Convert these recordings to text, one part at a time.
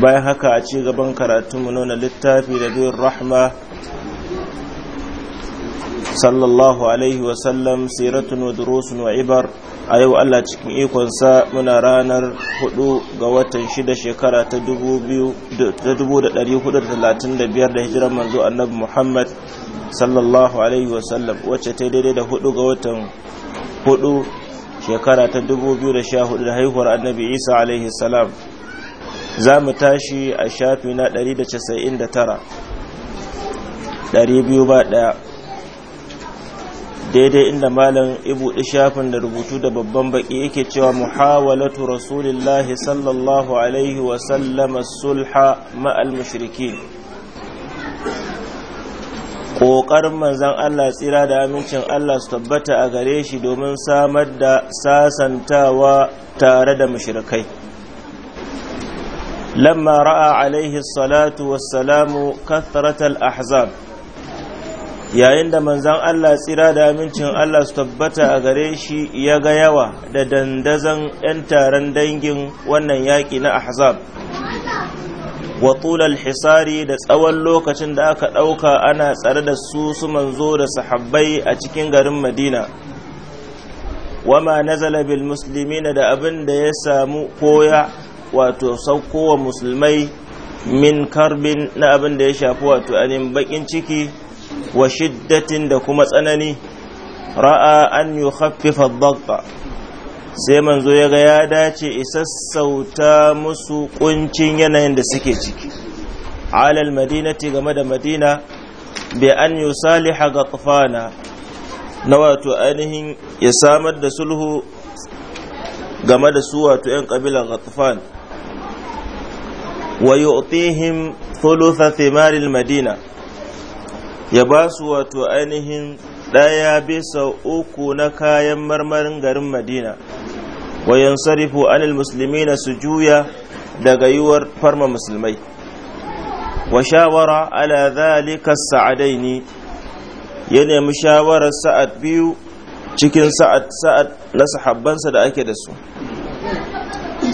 bayan haka a ci gaban mu nuna littafi da biyun rahma sallallahu alaihi wasallam siratun wa durusun wa ibar a yau allah cikin ikonsa muna ranar 4 ga watan 6 shekara ta 2435 da hijirar manzo annabi muhammad sallallahu alaihi wasallam wacce ta daidai da 4 ga watan 4 shekara ta 2014 da haihuwar annabi isa alaihi salam za mu tashi a shafi na 199 daidai inda malam ibuɗi shafin da rubutu da babban baki yake cewa muhawalatu rasulillahi sallallahu alaihi wasallama sulha ma'al mushrikin ƙoƙarin manzan Allah tsira da amincin Allah su tabbata a gare shi domin samar da sasantawa tare da mushrikai لما رأى عليه الصلاة والسلام كثرة الأحزاب yayin da manzan Allah tsira da amincin Allah su tabbata a gare shi ya ga yawa da dandazan 'yan taron dangin wannan yaƙi na ahzab wa tulal hisari da tsawon lokacin da aka ɗauka ana tsare da su su manzo da sahabbai a cikin garin madina wama nazala bil muslimina da abin da ya samu koya wato saukowa musulmai min karbin na abin da ya shafi wato anin bakin ciki wa shiddatin da kuma tsanani ra'a an yi haffifa bakka sai manzo ya ga ya dace isassauta musu kuncin yanayin da suke ciki alal madinati game da madina bi an ga gatfana na wato ainihin ya samar da sulhu game da su wato 'yan kabilan ghatfan wa yu'tihim thulutha thimaril madina ya ba su wato ainihin ɗaya bisa uku na kayan marmarin garin madina wa yansarifu anil muslimina su juya daga yiwuwar farma musulmai wa shawara ala dhalika sa'adaini ya nemi shawarar sa'ad biyu cikin sa'ad sa'ad na sahabbansa da ake da su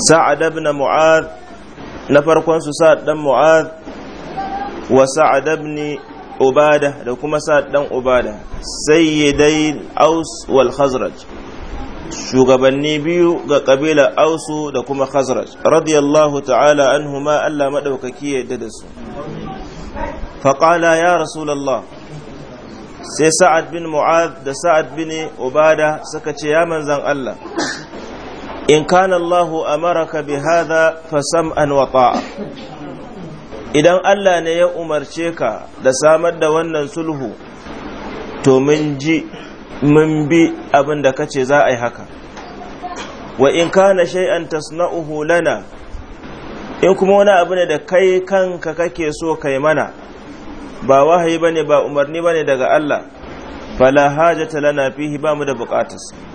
sa'ad ibn mu'adh na farkon su sa'ad dan mu'ad wa sa'ad ibn ubada da kuma sa'ad dan ubada sayyidai aus wal khazraj shugabanni biyu ga kabila ausu da kuma khazraj radiyallahu ta'ala anhuma Allah madaukaki ya yadda da su faqala ya rasulullah sai sa'ad bin mu'ad da sa'ad bin ubada suka ce ya manzan Allah in kana Allahu amaraka bi hadha fasam'an wa ta'a idan Allah ne ya umarce ka da samar da wannan sulhu to mun ji mun bi abin da kace za a yi haka wa in kana shay'an tasna'uhu lana in kuma wani abu ne da kai kanka kake so kai mana ba wahayi bane ba umarni bane daga Allah fala hajata lana fihi ba mu da bukatarsa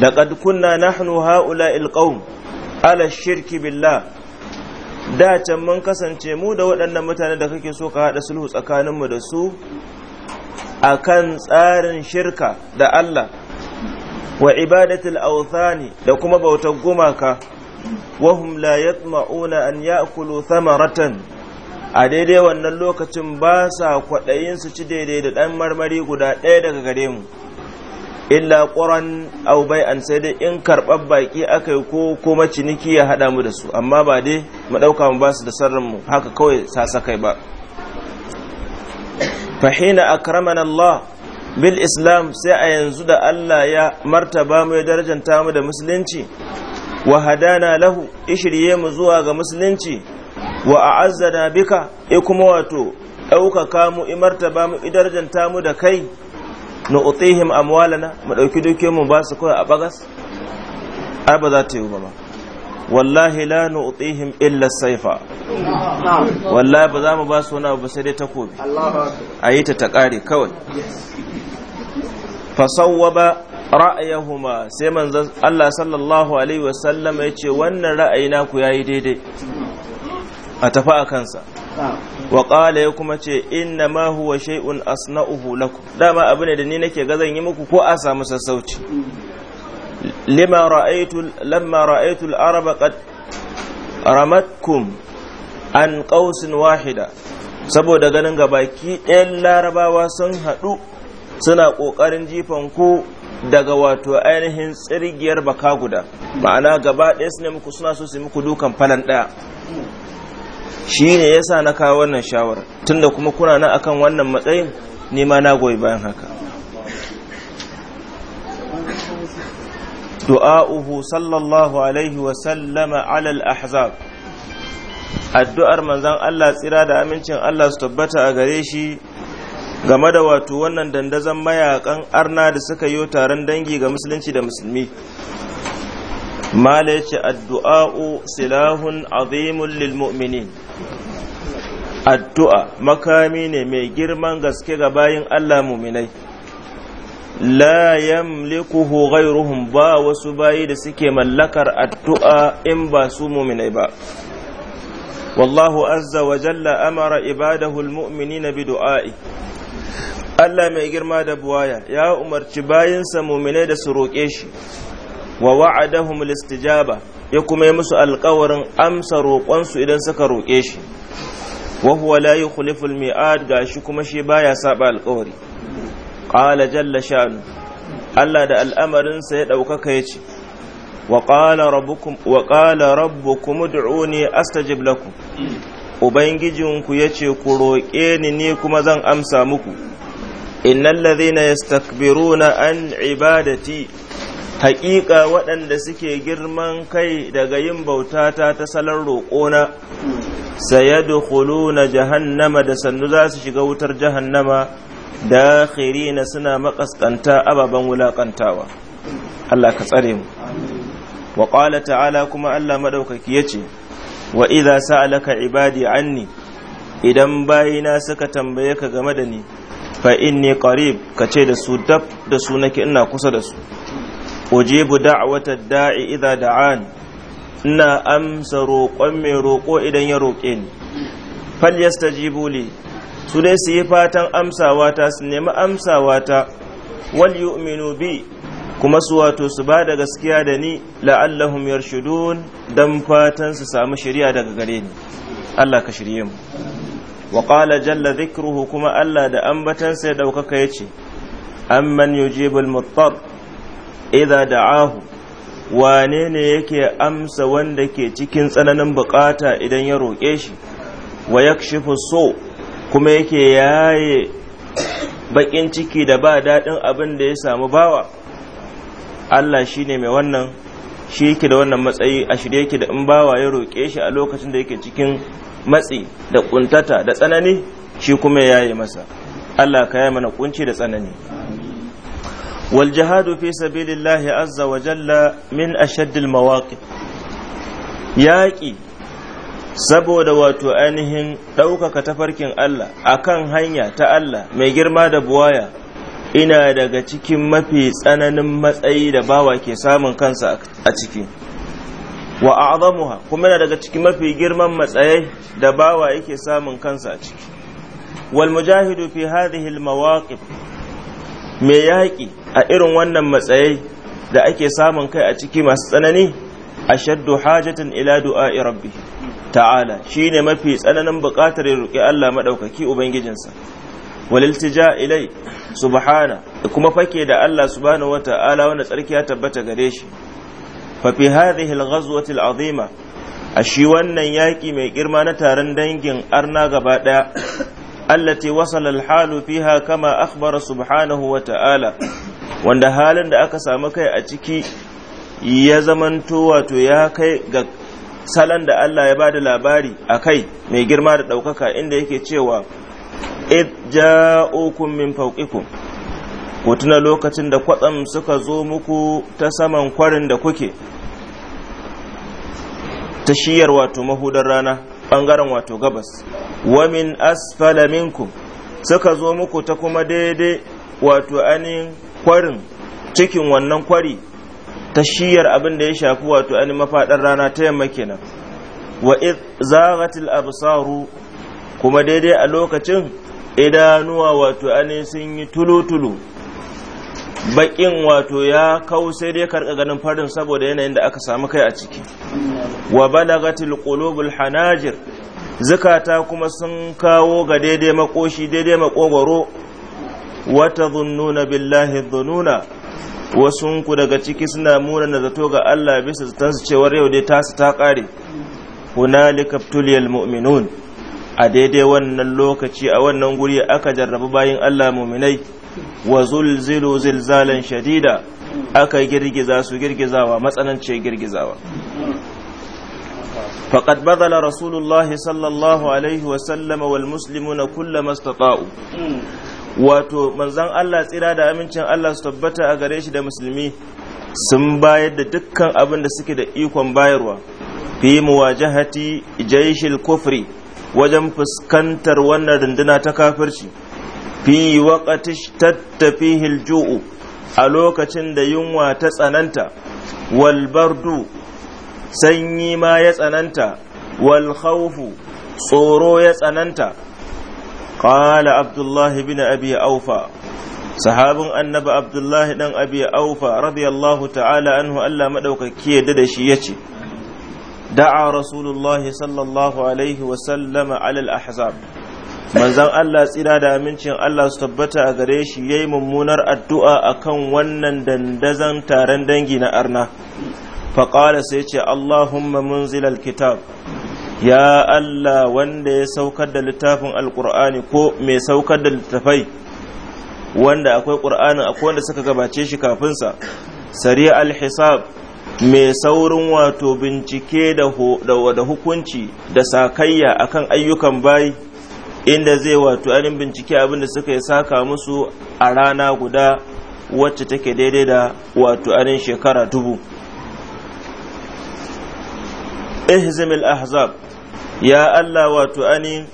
لقد كنا nahnu هؤلاء القوم ala shirki billah da can mun kasance mu da waɗannan mutane da kake so ka haɗa sulhu tsakaninmu da su A kan tsarin shirka da Allah wa ibadatul awthani da kuma bautar gumaka hum la yatma'una an ya'kulu thamaratan a daidai wannan lokacin ba sa kwaɗayin su ci daidai da ɗan marmari guda ɗaya daga gare mu illa ƙuran au an sai dai in karɓar baƙi aka yi ko kuma ciniki ya haɗa mu da su amma ba dai mu ɗauka mu ba su da sarrinmu haka kawai sasakai ba fahina akramana Allah bil islam sai a yanzu da Allah ya martaba mu ya darajanta mu da musulunci wa hadana lahu ishirye mu zuwa ga musulunci wa a'azzana bika e kuma wato ɗaukaka mu ba mu idarjanta mu da kai na utihim amwalana mu dauki dukiyar mu ba su kawai a bagas ai ba za ta yi ba wallahi la nu'tihim illa saifa wallahi ba za mu ba su wani abu sai dai takobi ayi ta ta kare kawai ba ra'ayahuma sai manzon Allah sallallahu alaihi wasallam ya ce wannan ra'ayi naku yayi daidai a tafi a kansa wa ƙala ya kuma ce inna ma huwa shay'un asna'uhu lakum dama abu ne da ni nake ga zan yi muku ko a samu sassauci lima ra'aytu lamma ra'aytu al-araba qad ramatkum an qausin wahida saboda ganin gabaki ɗayan larabawa sun haɗu suna ƙoƙarin jifan ku daga wato ainihin tsirgiyar baka guda ma'ana gaba ɗaya su muku suna so su muku dukan falan ɗaya shi ne ya sa na kawo wannan shawara tunda kuma kuna na akan wannan matsayin nema na goyi bayan haka du'a'uhu sallallahu alaihi wa alal ahzab addu'ar manzon Allah tsira da amincin Allah su tabbata a gare shi game da wato wannan dandazon mayakan arna da suka yi taron dangi ga musulunci da musulmi mala ya ce addu'a'u silahun azimun lilmu'minin addu'a makami ne mai girman gaske ga bayin Allah muminai la yamlikuhu ghairuhum ba wasu bayi da suke mallakar addu'a in ba su muminai ba wallahu azza wa jalla amara ibadahu almu'minina bi du'a'i Allah mai girma da buwaya ya umarci bayinsa muminai da su roƙe shi wa wa'adahum listijaba ya kuma yi musu alkawarin amsa roƙonsu idan suka roƙe shi wa huwa la yukhliful mi'ad gashi kuma shi baya saba alkawari qala jalla sha'nu Allah da al'amarin sa ya ɗaukaka ya ce wa qala rabbukum wa qala rabbukum ud'uni astajib lakum ubangijinku yace ku roƙe ni ne kuma zan amsa muku innal ladhina yastakbiruna an ibadati haƙiƙa waɗanda suke girman kai daga yin bautata ta salon roƙona na jahannama da sannu za su shiga wutar jahannama na suna makaskanta ababen wulaƙantawa. Allah ka tsare mu wa ƙwala ta'ala kuma Allah ya ce. wa iza sa'alaka ibadi anni idan bayina suka tambaye ka game da ni fa inni qarib ce da su dab da su nake ina kusa da su ujibu da'wata da'i idza da'an ina amsa roƙon mai roƙo idan ya roƙe ni fal yastajibu li su dai su yi fatan amsawa ta su nemi amsawa ta wal yu'minu bi kuma su wato su ba da gaskiya da ni la'allahum yarshudun dan fatan su samu shari'a daga gare ni Allah ka shirye mu jalla dhikruhu kuma Allah da ambatansa ya daukaka yace amman yujibul muttar idza da'ahu wane ne yake amsa wanda ke cikin tsananin bukata idan ya roƙe shi wa yakshifu so kuma yake yaye bakin ciki da ba daɗin abin da ya samu bawa Allah shine mai wannan shi yake da wannan matsayi a shirye yake da in bawa ya roƙe shi a lokacin da yake cikin matsi da kuntata da tsanani shi kuma ya yi masa Allah ka yi mana kunci da tsanani والجهاد في سبيل الله عز وجل من أشد المواقف ياكي saboda wato ainihin ɗaukaka tafarkin Allah akan hanya ta Allah mai girma da buwaya ina daga cikin mafi tsananin matsayi da bawa ke samun kansa a ciki wa a'zamuha kuma yana daga cikin mafi girman matsayai da bawa yake samun kansa a ciki wal mujahidu fi hadhihi al Me yaƙi a irin wannan matsayi da ake samun kai a ciki masu tsanani a shaddu hajatin ila du'a'i rabbi ta'ala shi ne mafi tsananin buƙatar ya roƙi Allah maɗaukaki ubangijinsa waliltija ilai subhana kuma fake da Allah subhanahu wata'ala wanda tsarki ya tabbata gare shi fa fi hadhihi al-ghazwati al-azima a shi wannan yaƙi mai girma na taron dangin arna gaba ɗaya التي وصل الحال wanda halin da aka samu kai a ciki ya zamanto wato ya kai ga salon da Allah ya bada labari a kai mai girma da ɗaukaka inda yake cewa id ja'ukum min fawqikum ku tuna lokacin da kwatsam suka zo muku ta saman kwarin da kuke ta shiyar wato mahudar rana bangaren wato gabas wa min asfala minkum suka zo muku ta kuma daidai wato anin kwarin cikin wannan kwari ta shiyar abin da ya shafi wato anin mafaɗar rana ta yamma kenan wa iz zaghatil absaru kuma daidai a lokacin idanuwa wato anin sun yi tulutulu bakin wato ya kawo sai dai karka ganin farin saboda yanayin da aka samu kai a ciki wa balagatil qulubul hanajir zikata kuma sun kawo ga daidai makoshi daidai makogoro wata tadhunnuna billahi dhununa sun ku daga ciki suna muna na zato ga Allah bisa zaton su cewar yau dai tasu ta kare hunalika tuliyal mu'minun a daidai wannan lokaci a wannan guri aka jarrabu bayin Allah mu'minai wa zulzilu zilzalan shadida aka girgiza su girgizawa matsananci girgizawa فقد بذل رسول الله صلى الله عليه وسلم والمسلمون كل ما استطاعوا wato manzan Allah tsira da amincin Allah su tabbata a gare shi da musulmi sun bayar da dukkan abin da suke da ikon bayarwa fi muwajahati jaishil kufri wajen fuskantar wannan runduna ta kafirci fi waqati tattafihi ju'u a lokacin da yunwa ta tsananta wal bardu sanyi ma ya tsananta wal khawfu tsoro ya tsananta qala abdullahi bin abi aufa sahabin annabi abdullahi dan abi aufa radiyallahu ta'ala anhu Allah madaukaki yadda da shi yace da'a rasulullahi sallallahu alaihi wa sallama alal ahzab manzan Allah tsira da amincin Allah su tabbata a gare shi yayi mummunar addu'a akan wannan dandazan taron dangi na arna faƙala sai ce Allahumma munzilal kitab ya Allah wanda ya saukar da littafin alƙur'ani ko mai saukar da littafai wanda akwai ƙur'anin akwai wanda suka gabace shi kafinsa sari alhisab mai saurin wato bincike da hukunci da sakayya akan ayyukan bayi inda zai wato ainihin bincike abin da suka yi saka musu a rana guda wacce take daidai da wato ainihin shekara dubu ihzim al-ahzab ya Allah wato ani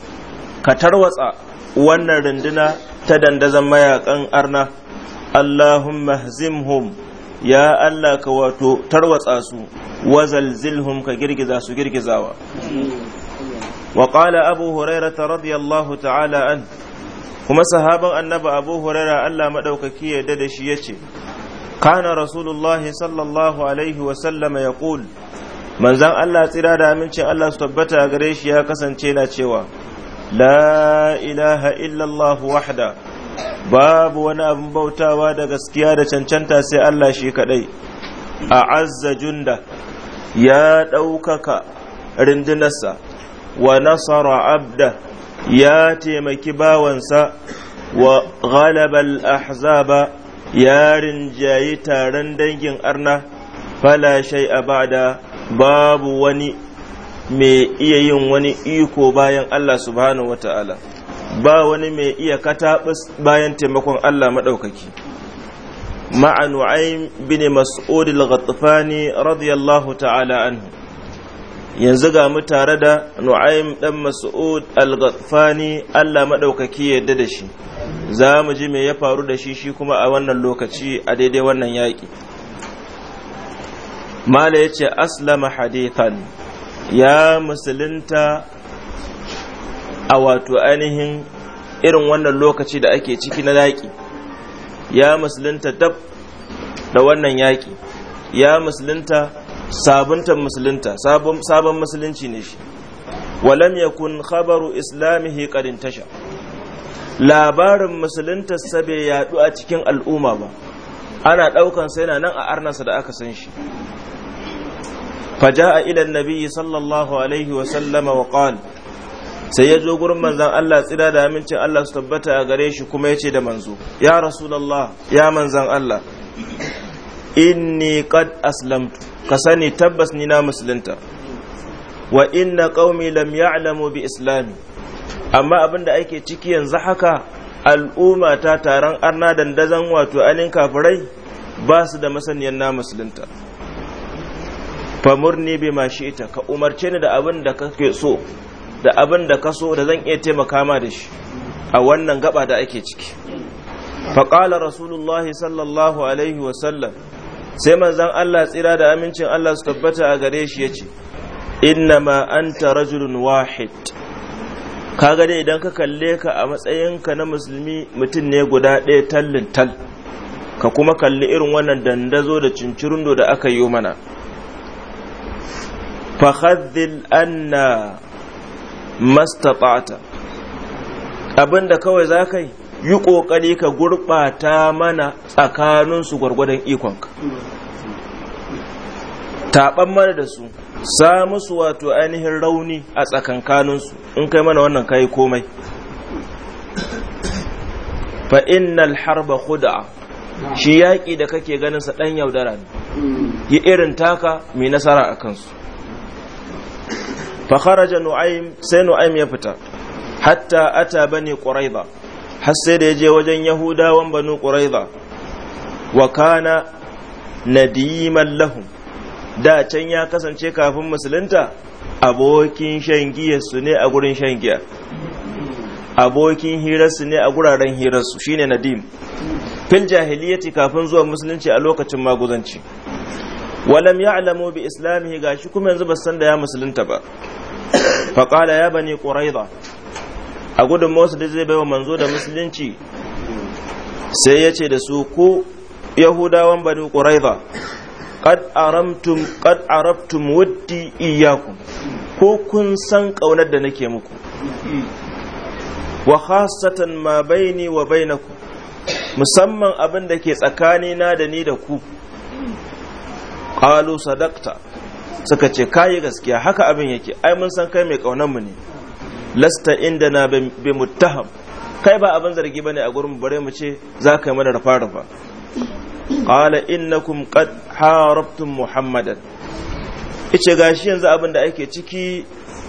ka tarwatsa wannan runduna ta dandazon mayakan arna Allahumma hzimhum ya Allah ka wato tarwatsa su wa zalzilhum ka girgiza su girgizawa wa qala abu hurairata radiyallahu ta'ala an kuma sahaban annaba abu huraira Allah madaukaki ya da shi yace kana rasulullahi sallallahu alaihi wa sallama yaqul manzan Allah tsira da amincin Allah su tabbata gare shi ya kasance na cewa la ilaha illallah wahda babu wani abin bautawa da gaskiya da cancanta sai Allah shi kadai a azza junda ya ɗaukaka rindunarsa wa nasara abda ya taimaki bawansa wa ghalabal ahzaba ya rinjayi taron dangin arna fala shai a bada babu wani mai iya yin wani iko bayan Allah subhanahu ta'ala), ba wani mai iya kata bayan taimakon Allah maɗaukaki ma'a nu'aym bin mas'ud al-ghatfani radiyallahu ta'ala anhu yanzu ga mu tare da nu'aym dan mas'ud al-ghatfani Allah maɗaukaki yadda da shi za mu ji me ya faru da shi shi kuma a wannan lokaci a daidai wannan yaƙi mala ya ce aslama hadithan ya musulunta a wato ainihin irin wannan lokaci da ake ciki na yaƙi ya musulunta dab da wannan yaƙi ya musulunta sabunta musulunta sabon musulunci ne shi walam kun khabaru islamihi ƙarin tasha labarin musulunta bai yaɗu a cikin al'umma ba ana ɗaukansa sai na nan a arnasa da aka san shi فجاء إلى النبي صلى الله عليه وسلم وقال sai ya zo gurin manzan Allah tsira da amincin Allah su tabbata a gare shi kuma ya ce da manzo ya rasulallah ya manzan Allah inni qad aslamtu ka sani tabbas ni na musulunta wa inna qaumi lam ya'lamu bi islami amma abin da ake ciki yanzu haka al'umma ta taron arna dandazan wato anin kafirai ba su da masaniyar na musulunta famurni bi ma ita ka umarce ni da abin da kake so da abin da ka so da zan iya taimaka ma da shi a wannan gaba da ake ciki faƙala rasulullahi sallallahu alaihi wa sallam sai manzan Allah tsira da amincin Allah su tabbata a gare shi yace ce ma anta rajulun wahid ka ga dai idan ka kalle ka a matsayinka na musulmi mutum ne guda ɗaya tallin tal ka kuma kalli irin wannan dandazo da cincirundo da aka yi mana fahadhil anna mastata'ta abinda kawai za ka yi yi ƙoƙari ka gurɓata mana tsakaninsu gwargwadon ikonka taɓan mana da su samu su wato ainihin rauni a tsakankaninsu in kai mana wannan kayi komai fa innal harba khud'a shi yaƙi da kake ganin sa ɗan yaudara ne yi irin taka mai nasara a kansu fa kharaja nu'aym sai nu'aym ya fita hatta ata bani quraiza har sai da yaje wajen yahudawan banu quraiza wa kana nadiman lahum da can ya kasance kafin musulunta abokin shan su ne a gurin shan giya abokin hirarsu ne a guraren hirarsu shine nadim fil jahiliyyati kafin zuwa musulunci a lokacin maguzanci walam ya'lamu bi islamihi gashi kuma yanzu ba san da ya musulunta ba faƙala ya bani ƙuraiza a gudun masu da zai baiwa manzo da musulunci sai ya ce da su ko yahudawan bani ƙuraiza kad arabtum waddi iyaku, ko kun san ƙaunar da nake muku wa khasatan ma baini wa ku. musamman abin da ke tsakanina da ni da ku qalu sadakta suka ce kayi gaskiya haka abin yake ai mun san kai mai kaunar mu ne lasta inda na bi muttaham kai ba abin zargi bane a gurin bare mu ce za ka yi mana rafa rafa qala innakum qad harabtum muhammadan ice gashi yanzu abin da ake ciki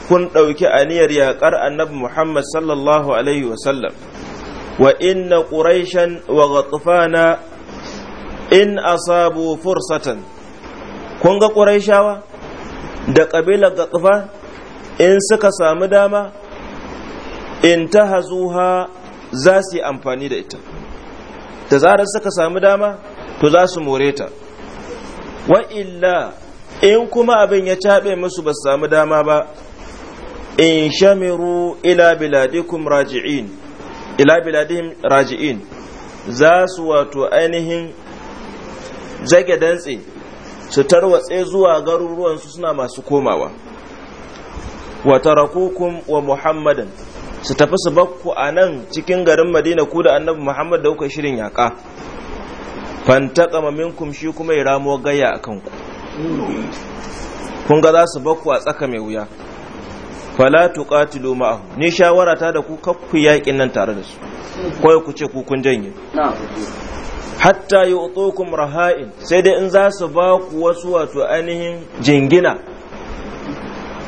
kun ɗauki aniyar yaƙar annabi Muhammad sallallahu Alaihi wa sallam. wa inna ƙuraishan wa ghatfana in asabu fursatan, kun ga ƙuraishawa da ƙabilar gatsufan in suka samu dama in ta hazuha za su yi amfani da ita da zarar suka samu dama to za su more ta wa illa in kuma abin ya caɓe musu ba su samu dama ba in shamiru ila biladikum raji'in ila biladihim raji'in za su wato ainihin zage dantse su tarwatse zuwa garuruwansu suna masu komawa wa tarakukum wa muhammadan su tafi su bakku a nan cikin garin madina ku da annabi muhammad da kuka shirin yaƙa fantakama minkum shi kuma ya ramo gayya a kanku kun ga za su bakku a tsaka mai wuya fala tuqatilu ma'ahu ni shawara ta da ku kakku yaƙin nan tare da su ko ku ce ku kun janye hatta yi utokun raha'in sai dai in za su ba ku wasu wato ainihin jingina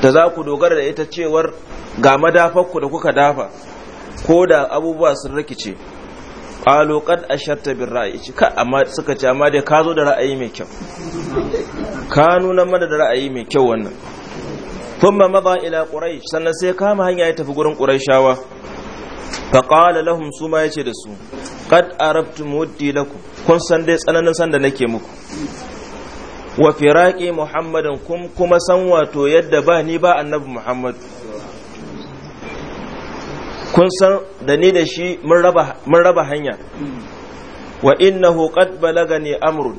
da za ku dogara da ita cewar ga madafarku da kuka dafa ko da abubuwa sun rikice ƙalo kad asharta bin ra'ayi ka amma suka ce amma dai ka zo da ra'ayi mai kyau ka nuna mana da ra'ayi mai kyau wannan kuma maza ila ƙurai sannan sai kama hanya ya tafi gurin shawa faƙala lahum su ma ya ce da su kad arabtum waddi lakum kun san dai tsananin san da nake muku wa firaqi muhammadin kun kuma san wato yadda ba ni ba annabi muhammad kun san da ni da shi mun raba hanya wa innahu na balagani amrun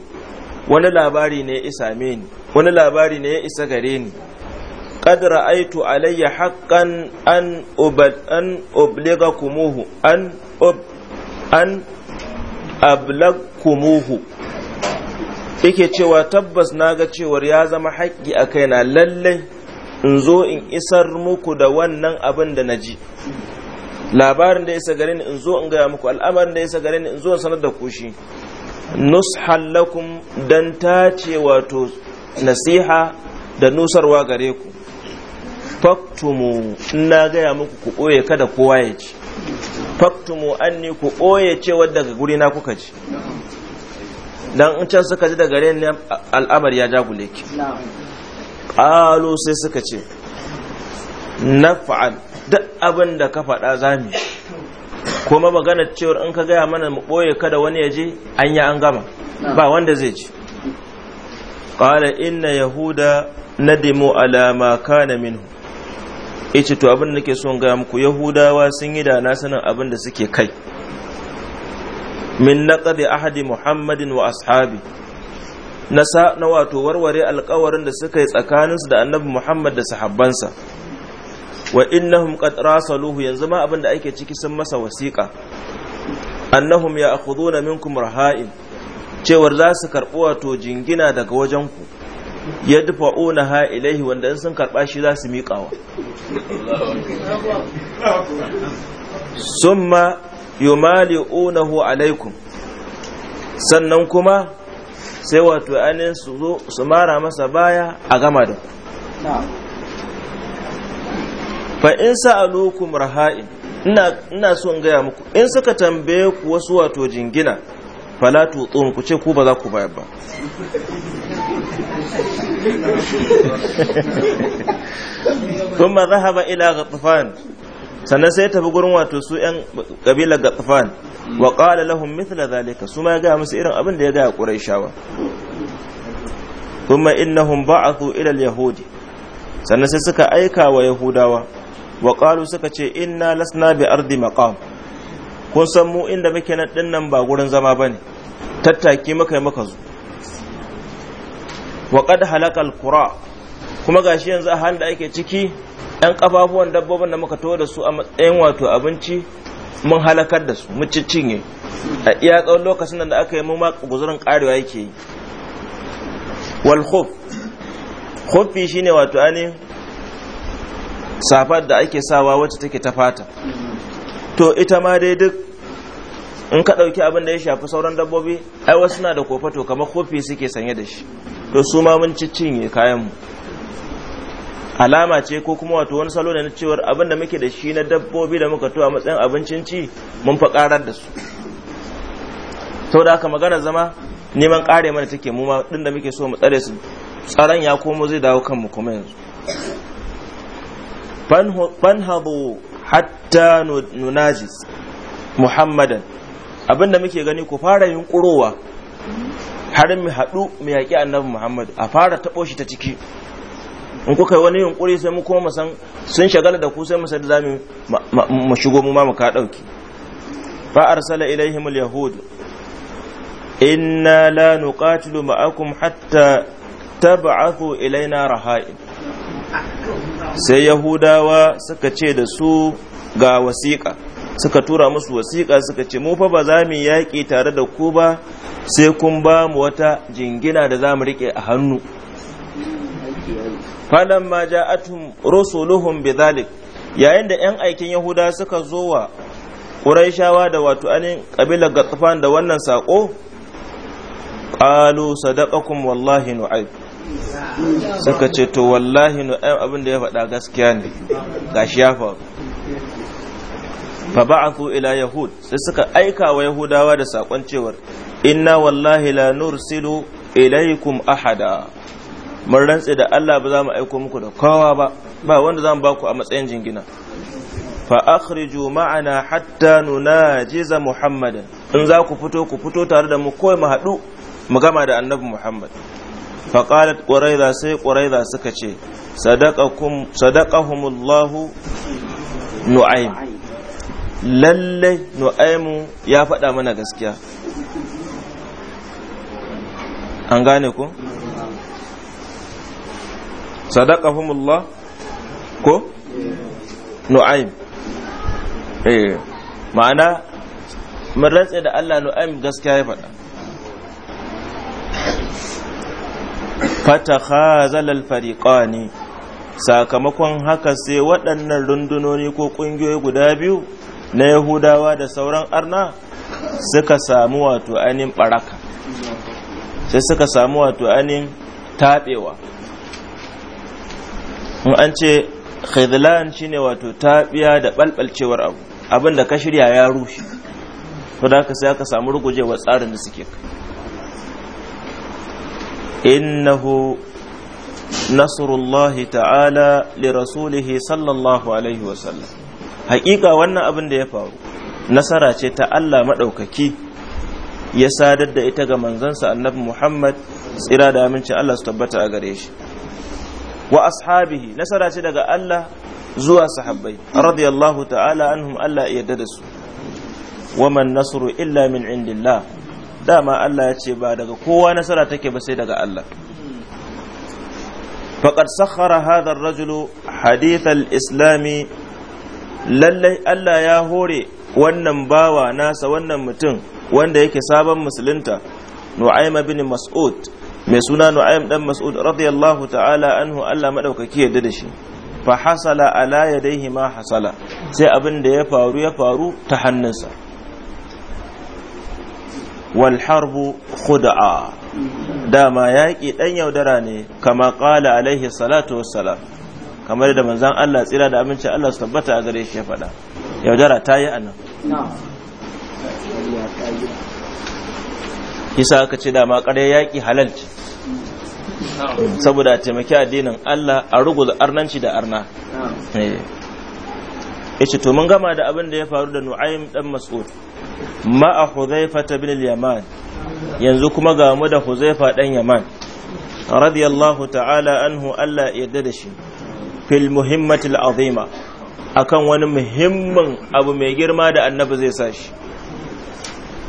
ne ya wani labari ne ya isa gare ni قد رأيت علي حقا أن أن أبلغكموه أن أب أن أبلغكموه yake cewa tabbas na ga cewar ya zama haƙƙi a kaina lallai in zo in isar muku da wannan abin da na ji labarin da ya isa gare ni in zo in gaya muku al'amarin da ya isa gare ni in zo in sanar da kushi. shi nushan lakum dan tace wato nasiha da nusarwa gare ku faktumu na gaya muku ku ɓoye kada kowa ya ci faktumu ni ku ɓoye cewar daga guri na kuka ci dan in can suka ji daga ne al'amar ya gule ki ƙalo sai suka ce na fa'al duk abin da ka faɗa za mu kuma maganar cewar in ka gaya mana mu ɓoye kada wani ya je an yi an gama ba wanda zai ci ƙala inna yahuda nadimu alama kana minhu yace to abin da nake son gaya muku yahudawa sun yi da sanin abin da suke kai min naqdi ahadi muhammadin wa ashabi na na wato warware alkawarin da suka yi tsakaninsu da annabi muhammad da sahabbansa wa innahum qad rasaluhu yanzu ma abin da ake ciki sun masa wasiƙa annahum ya'khuduna minkum raha'in cewar za su karɓi wato jingina daga wajen ku. ya dufa ona ha ilaihi wanda in sun karɓa shi za su miƙawa summa yumali alaikum sannan kuma sai wato anin su zo su mara masa baya a gama da ku fa in sa'alukum raha'in ina ina so in gaya muku in suka tambaye ku wasu wato jingina fala tutsun ku ce ku ba za ku bayar ba kuma zahaba ila ghatfan sannan sai tafi gurin wato su yan kabilar ghatfan wa kala lahum mithla zalika su ma ga musu irin abin da ya ga quraishawa kuma innahum ba'athu ila al-yahudi sannan sai suka aika wa yahudawa wa qalu suka ce inna lasna bi ardi maqam kun san mu inda muke nan dinnan ba gurin zama bane tattaki muka yi muka zo wa qad halakal qura kuma gashi yanzu a halin da ake ciki ɗan kafafuwan dabbobin da muka tawo da su a matsayin wato abinci mun halakar da su mun cinye a iya tsawon lokacin da aka yi mu ma guzurin karewa yake yi wal khuf khufi shine wato ani safar da ake sawa wacce take ta fata to ita ma dai duk in ka ɗauki abin da ya shafi sauran dabbobi ai wasu na da kofato kamar kofi suke sanye da shi to su ma mun cinye kayan mu alama ce ko kuma wato wani salo ne na cewar abin da muke da shi na dabbobi da muka tuwa matsayin abincin ci mun fa karar da su to da aka magana zama neman kare mana take mu ma din da muke so mu tsare su tsaron ya komo zai dawo kanmu kuma yanzu fanhadu hatta nunajis muhammadan abin da muke gani ku fara yunkurowa har mu haɗu mu yaƙi annabi muhammad a fara taɓo shi ta ciki in kuka yi wani yunƙuri sai mu koma san sun shagala da ku sai mu zamu mu shigo mu ma mu ka ɗauki fa arsala ilaihimul yahud inna la nuqatilu ma'akum hatta tab'athu ilaina raha'in sai yahudawa suka ce da su ga wasiƙa suka tura musu wasiƙa suka ce mu fa ba za mu yaƙi tare da ku ba sai kun ba mu wata jingina da za mu riƙe a hannu Falon ma ja'atuhum rusuluhum bidhalik yayin da 'yan aikin yahuda suka zo wa ƙuraishawa da wato anin ƙabilar gatsafan da wannan saƙo ƙalu sadaqakum wallahi nu'aib suka ce to wallahi nu'aib abin da ya faɗa gaskiya ne gashi ya faru fa ba'athu ila yahud sai suka aika wa yahudawa da sakon cewar inna wallahi la nursilu ilaikum ahada mun rantse da Allah ba za mu aiko muku da kowa ba ba wanda za mu ba ku a matsayin jingina fa akhriju ma'ana hatta nunajiza muhammadan in za ku fito ku fito tare da mu kawai mu haɗu mu gama da annabi muhammad fa qalat quraiza sai quraiza suka ce sadaqakum sadaqahumullahu nu'aym lallai nu'aimu ya faɗa mana gaskiya an gane ko sadaqahumullah ko nu'aim eh ma'ana mun rantse da Allah nu'aim gaskiya ya faɗa fatakhazal alfariqani sakamakon haka sai waɗannan rundunoni ko ƙungiyoyi guda biyu na yahudawa da sauran arna suka samu wato ainihin baraka sai suka samu wato ainihin taɓewa in an ce khidlan shine wato taɓiya da ɓalɓalcewar abu abinda ka shirya ya rushe to da sai aka samu wa tsarin da suke innahu nasrullahi ta'ala li rasulihi sallallahu alaihi wasallam haƙiƙa wannan abin da ya faru nasara ce ta Allah maɗaukaki ya sadar da ita ga manzansa annabi Muhammad tsira da aminci Allah su tabbata a gare shi wa ashabihi nasara ce daga Allah zuwa sahabbai radiyallahu ta'ala anhum Allah ya yarda da su wa man nasru illa min indillah dama Allah ya ce ba daga kowa nasara take ba sai daga Allah faqad sakhara hadha ar-rajulu hadith al-islami lallai Allah ya hore wannan bawa nasa wannan mutum wanda yake sabon musulunta Nu'aym bin Mas'ud mai suna Nu'aym dan Mas'ud radiyallahu ta'ala anhu Allah madaukaki yadda da shi fa hasala ala yadayhi ma hasala sai abin da ya faru ya faru ta hannunsa wal harbu khud'a dama yaƙi ɗan yaudara ne kama ƙala alaihi salatu wassalam kamar da manzan Allah tsira da aminci Allah su tabbata a gare shi ya faɗa yaudara ta yi a nan kisa aka ce dama ƙarya yaƙi halal ce saboda a taimaki addinin Allah a ruguza arnanci da arna eh. yace to mun gama da abin da ya faru da nu'aim dan Mas'ud ma'a ta bin yaman yanzu kuma ga da huzaifa dan Yaman radiyallahu ta'ala anhu Allah yadda da shi fil muhimmatil azima akan wani muhimmin abu mai girma da annabi zai sa shi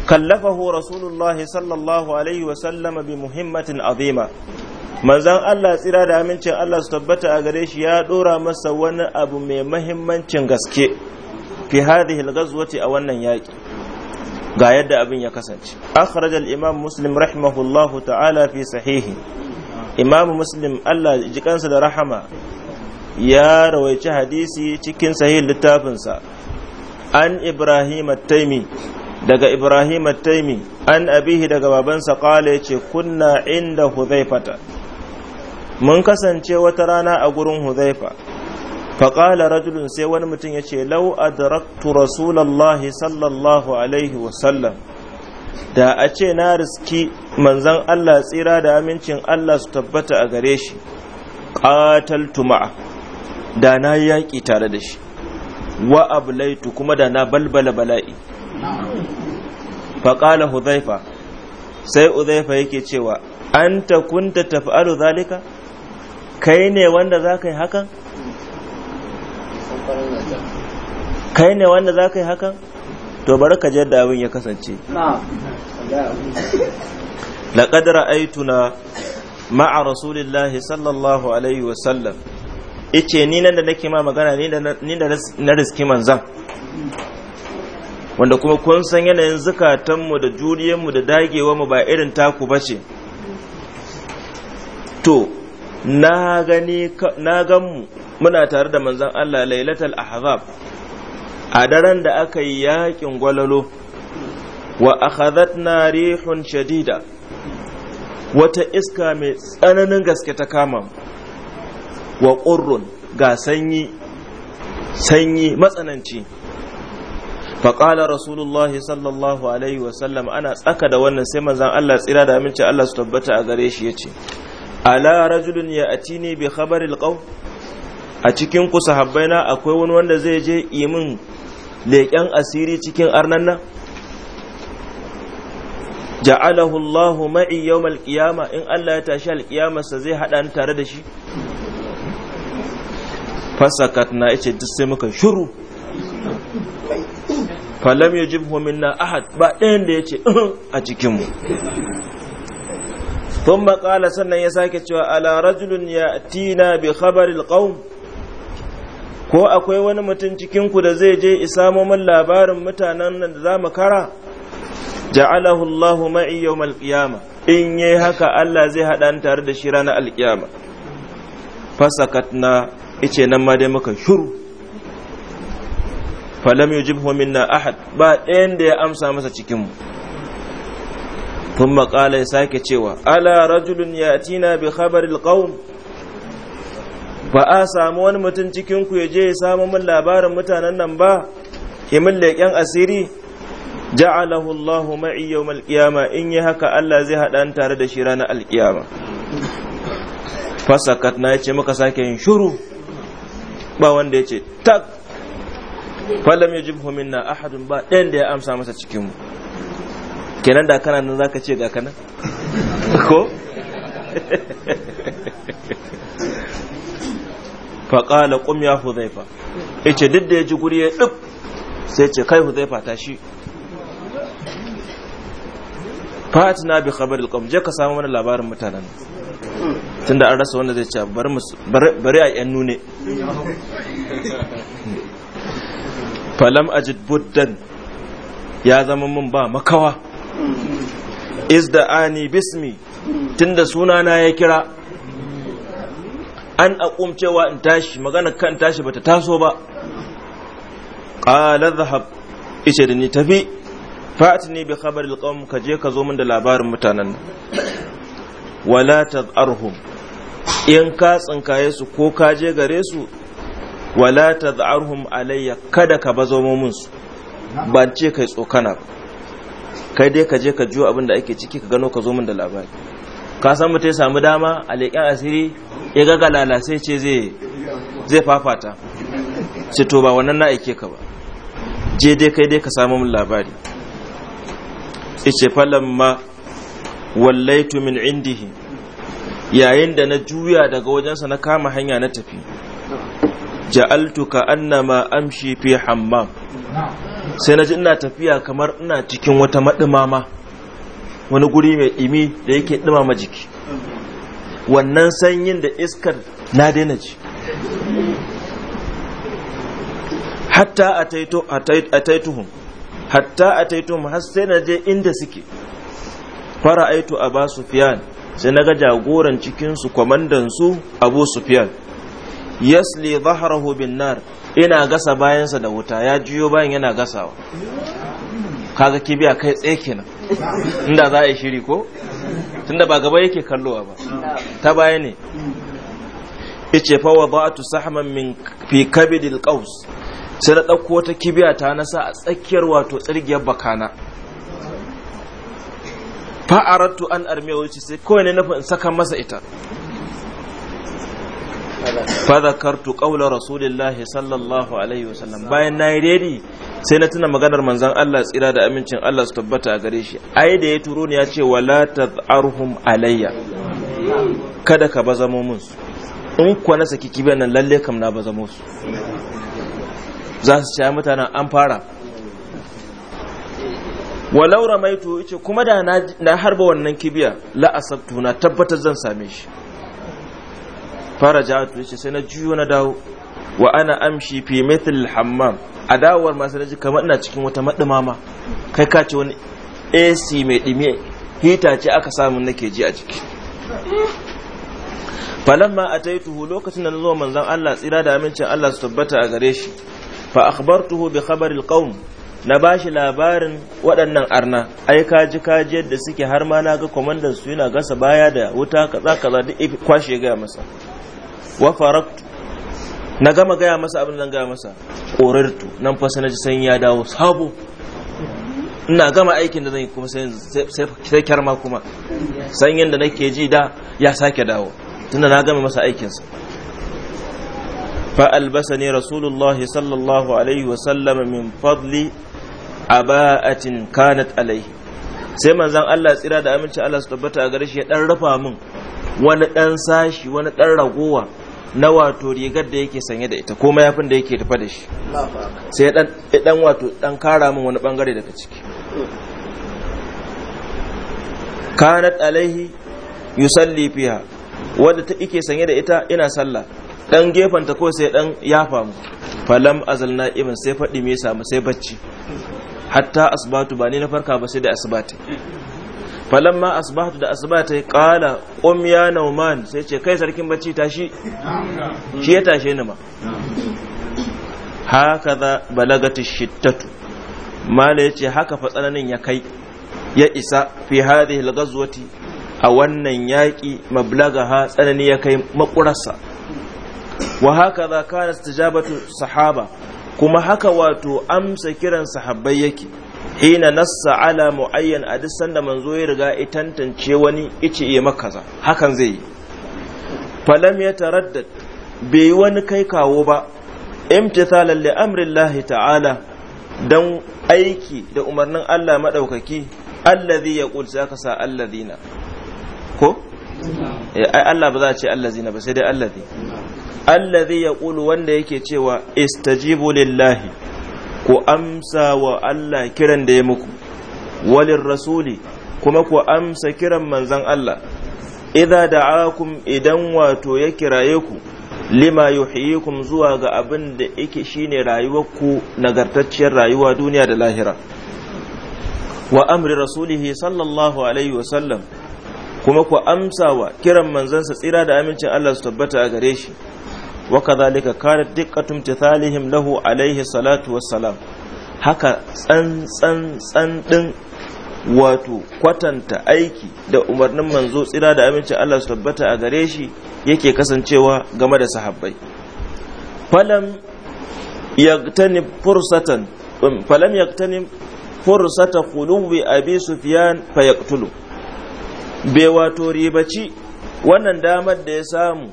kallafahu rasulullahi sallallahu alaihi wa sallama bi muhimmatin azima manzan Allah tsira da amincin Allah su tabbata a gare shi ya dora masa wani abu mai mahimmancin gaske fi hadhihi al-ghazwati a wannan yaki ga yadda abin ya kasance akhraj al-imam muslim rahimahullahu ta'ala fi sahihi imam muslim Allah ji kansa da rahama ya rawaici hadisi cikin sahihin littafinsa an ibrahim taimi daga ibrahim taimi an abihi daga babansa kala ya ce kunna inda huzaifata mun kasance wata rana a gurin huzaifa faƙala rajulun sai wani mutum ya ce lau adraktu rasulallahi sallallahu alaihi wasallam da a ce na riski manzan allah tsira da amincin allah su tabbata a gare shi Ƙatal tuma'a da na yi yaƙi tare da shi wa ablaitu kuma da na balbala bala'i faƙala huzaifa sai huzaifa yake cewa an ta kunta tafa'alu zalika kai ne wanda za ka yi hakan kai ne wanda za ka yi hakan to bari ka da abin ya kasance na رأيتنا aituna ma'a الله sallallahu alaihi wasallam ce ni nan da nake ma magana ni da na riski manzan wanda kuma kun san yanayin zukatanmu da juriyanmu da dagewa mu ba irin taku ba ce to na ganmu muna tare da manzan Allah lailatul ahzab a daren da aka yi yakin gwalalo wa na rihun shadida wata iska mai tsananin gaske ta kama wa ƙurrun ga sanyi sanyi matsananci faƙala rasulullah sallallahu alaihi wasallam ana tsaka da wannan sai manzan allah tsira da aminci allah su tabbata a gare shi ya ce ala rajulun ya atini bi khabaril qaw a cikin ku sahabbaina akwai wani wanda zai je imin leƙen asiri cikin arnan nan ja'alahu Allahu ma'i yawmal qiyama in Allah ya tashi sa zai haɗa ni tare da shi fasakat na ce duk sai muka shuru falam yajibhu minna ahad ba ɗayan da ya ce uhh, a cikinmu Tun thumma sannan ya sake cewa ala rajulun yatina bi khabaril qaum ko akwai wani mutum cikinku da zai je isa min labarin mutanen nan da za mu kara ja'alahu Allahu ma'i yawmal qiyama in yi haka Allah zai haɗa ni tare da shi ranar fasakat na ice nan ma dai muka shuru falam yujibhu minna ahad ba ɗayan da ya amsa masa cikin mu thumma ya sake cewa ala rajulun yatina bi khabaril qaum ba a samu wani mutum cikin ku ya je ya samu min labarin mutanen nan ba ya min leƙen asiri ja'alahu Allahu ma'i yawm alqiyama in yi haka Allah zai hada ni tare da shi ranar alqiyama fasakat na yace muka sake yin shuru ba wanda ya ce tak falam ya jibhu minna ahadun ba ɗayan da ya amsa masa cikinmu kenan da kana nan zaka ce ga kana ko faƙala ƙum ya huzaifa ice duk da ya ji guri ya ɗuk sai ce kai huzaifa ta shi fatina bi khabar alqam je ka samu mana labarin mutanen tunda an rasa wanda zai ce bari a yan nune falam ajid buddan ya zama mun ba makawa is da ani bismi tunda sunana ya kira an aƙum cewa in tashi magana kan tashi bata taso ba ƙalar zahab ishe da ni tafi fa'atini bi khabar ka je ka zo min da labarin mutanen wala tad'arhum in ka tsinkaye su ko ka je gare su wala tad'arhum alayya kada ka bazo mun su ban ce kai tsokana ba kai dai ka je ka juyo abin da ake ciki ka gano ka zo min da labari ka san mutum ya samu dama a asiri ya ga galala sai ce zai fafata sai to ba wannan na aike ka ba je dai kai dai ka samu min labari ice falon ma wallaitu min indihi yayin da na juya daga wajensa na kama hanya na tafi ja'altu annama amshi fi hammam sai na ji ina tafiya kamar ina cikin wata madumama wani guri mai imi da yake ɗumama jiki wannan sanyin da iskar na daina ji hatta a taituhun hatta a har sai na je inda suke fara'aitu su fiyan sai na ga jagoran cikinsu su kwamandan su abu sufyan yasli dhahrahu bin nar ina gasa bayansa da wuta ya jiyo bayan yana gasawa kaga kibiya kai tsaye kenan inda za a yi shiri ko tunda ba gaba yake kallowa ba ta baya ne ice fa tu sahman min fi kabidil qaws sai na dauko ta kibiya ta nasa a tsakiyar wato tsirgiyar bakana fa'aratu an armiya wuce sai kawai ne nufin saka masa ita fadakartu ƙaular rasulillahi sallallahu alaihi wasallam bayan na yi redi sai na tuna maganar manzan Allah tsira da amincin Allah su tabbata a gare shi ai da ya turo ni ya ce wala tad'arhum alayya kada ka bazamo mun in kuwa na saki kibiyar nan lalle kam na bazamo su za su ci mutanen an fara walau ramaitu ce kuma da na harba wannan kibiya la asabtu na tabbatar zan same shi fara ja'atu ce sai na juyo na dawo wa ana amshi fi mithl hammam a dawowar ma sai naji kamar ina cikin wata madumama kai ka ce wani AC mai dimi hita ce aka samu nake ji a jiki falamma tuhu lokacin da na zo manzon Allah tsira da amincin Allah su tabbata a gare shi fa akhbartuhu bi khabari alqawm na ba shi labarin waɗannan arna ai kaji kaji yadda suke har ma na ga kwamandan su yana gasa baya da wuta kaza kaza duk kwashe gaya masa wa faraktu na gama gaya masa abin zan gaya masa ƙorartu nan fa na ji sanyi ya dawo sabo ina gama aikin da zan yi kuma sai kyarma kuma sanyin da nake ji da ya sake dawo tunda na gama masa aikinsa فألبسني رسول الله صلى الله عليه وسلم من فضل aba'atin kanat alaihi sai manzon Allah tsira da aminci Allah su tabbata a gare shi ya dan rafa min wani dan sashi wani dan ragowa na wato rigar da yake sanye da ita ko mayafin da yake tafa da shi sai ya dan wato dan kara min wani bangare daga ciki kanat alaihi yusalli fiha wadda ta ike sanye da ita ina sallah ɗan gefen ta ko sai dan ya mu, falam azalna ibn sai faɗi me samu sai bacci hatta asbatu ba ni na farka ba sai da asbati falamma asbatu da asbati ya kala qum ya nauman sai ce kai sarkin bacci tashi shi ya tashe ni ma hakaza balagati shittatu mala yace haka fa tsananin ya kai ya isa fi hadhihi alghazwati a wannan yaki ha tsanani ya kai makurarsa wa hakaza kana istijabatu sahaba kuma haka wato amsa kiran sahabbai yake hina nassa ala muayyan a duk sanda manzo ya riga ya tantance wani ice iya eh, makaza hakan zai yi falam ya taraddad bai wani kai kawo ba imtithalan li amrillahi ta'ala dan aiki da umarnin Allah madaukaki allazi ya qul sai sa allazina ko eh, Allah ba za a ce allazina ba sai dai allazi allazi yaqulu wanda yake cewa istajibu lillahi ku amsa wa Allah kiran da ya muku walin rasuli kuma ku amsa kiran manzan Allah idza da'akum idan wato ya kiraye ku lima yuhyikum zuwa ga abin da yake shine ku nagartacciyar rayuwa duniya da lahira wa amri rasulihi sallallahu alaihi wa sallam kuma ku amsa wa kiran manzansa tsira da amincin Allah su tabbata a gare shi wa kadhalika kanat diqqatu imtithalihim lahu alaihi salatu wassalam haka tsantsan tsandin wato kwatanta aiki da umarnin manzo tsira da aminci Allah su tabbata a gare shi yake kasancewa game da sahabbai falam yagtani fursatan falam yagtani fursata khuluwi abi sufyan fayaqtulu bai wato ribaci wannan damar da ya samu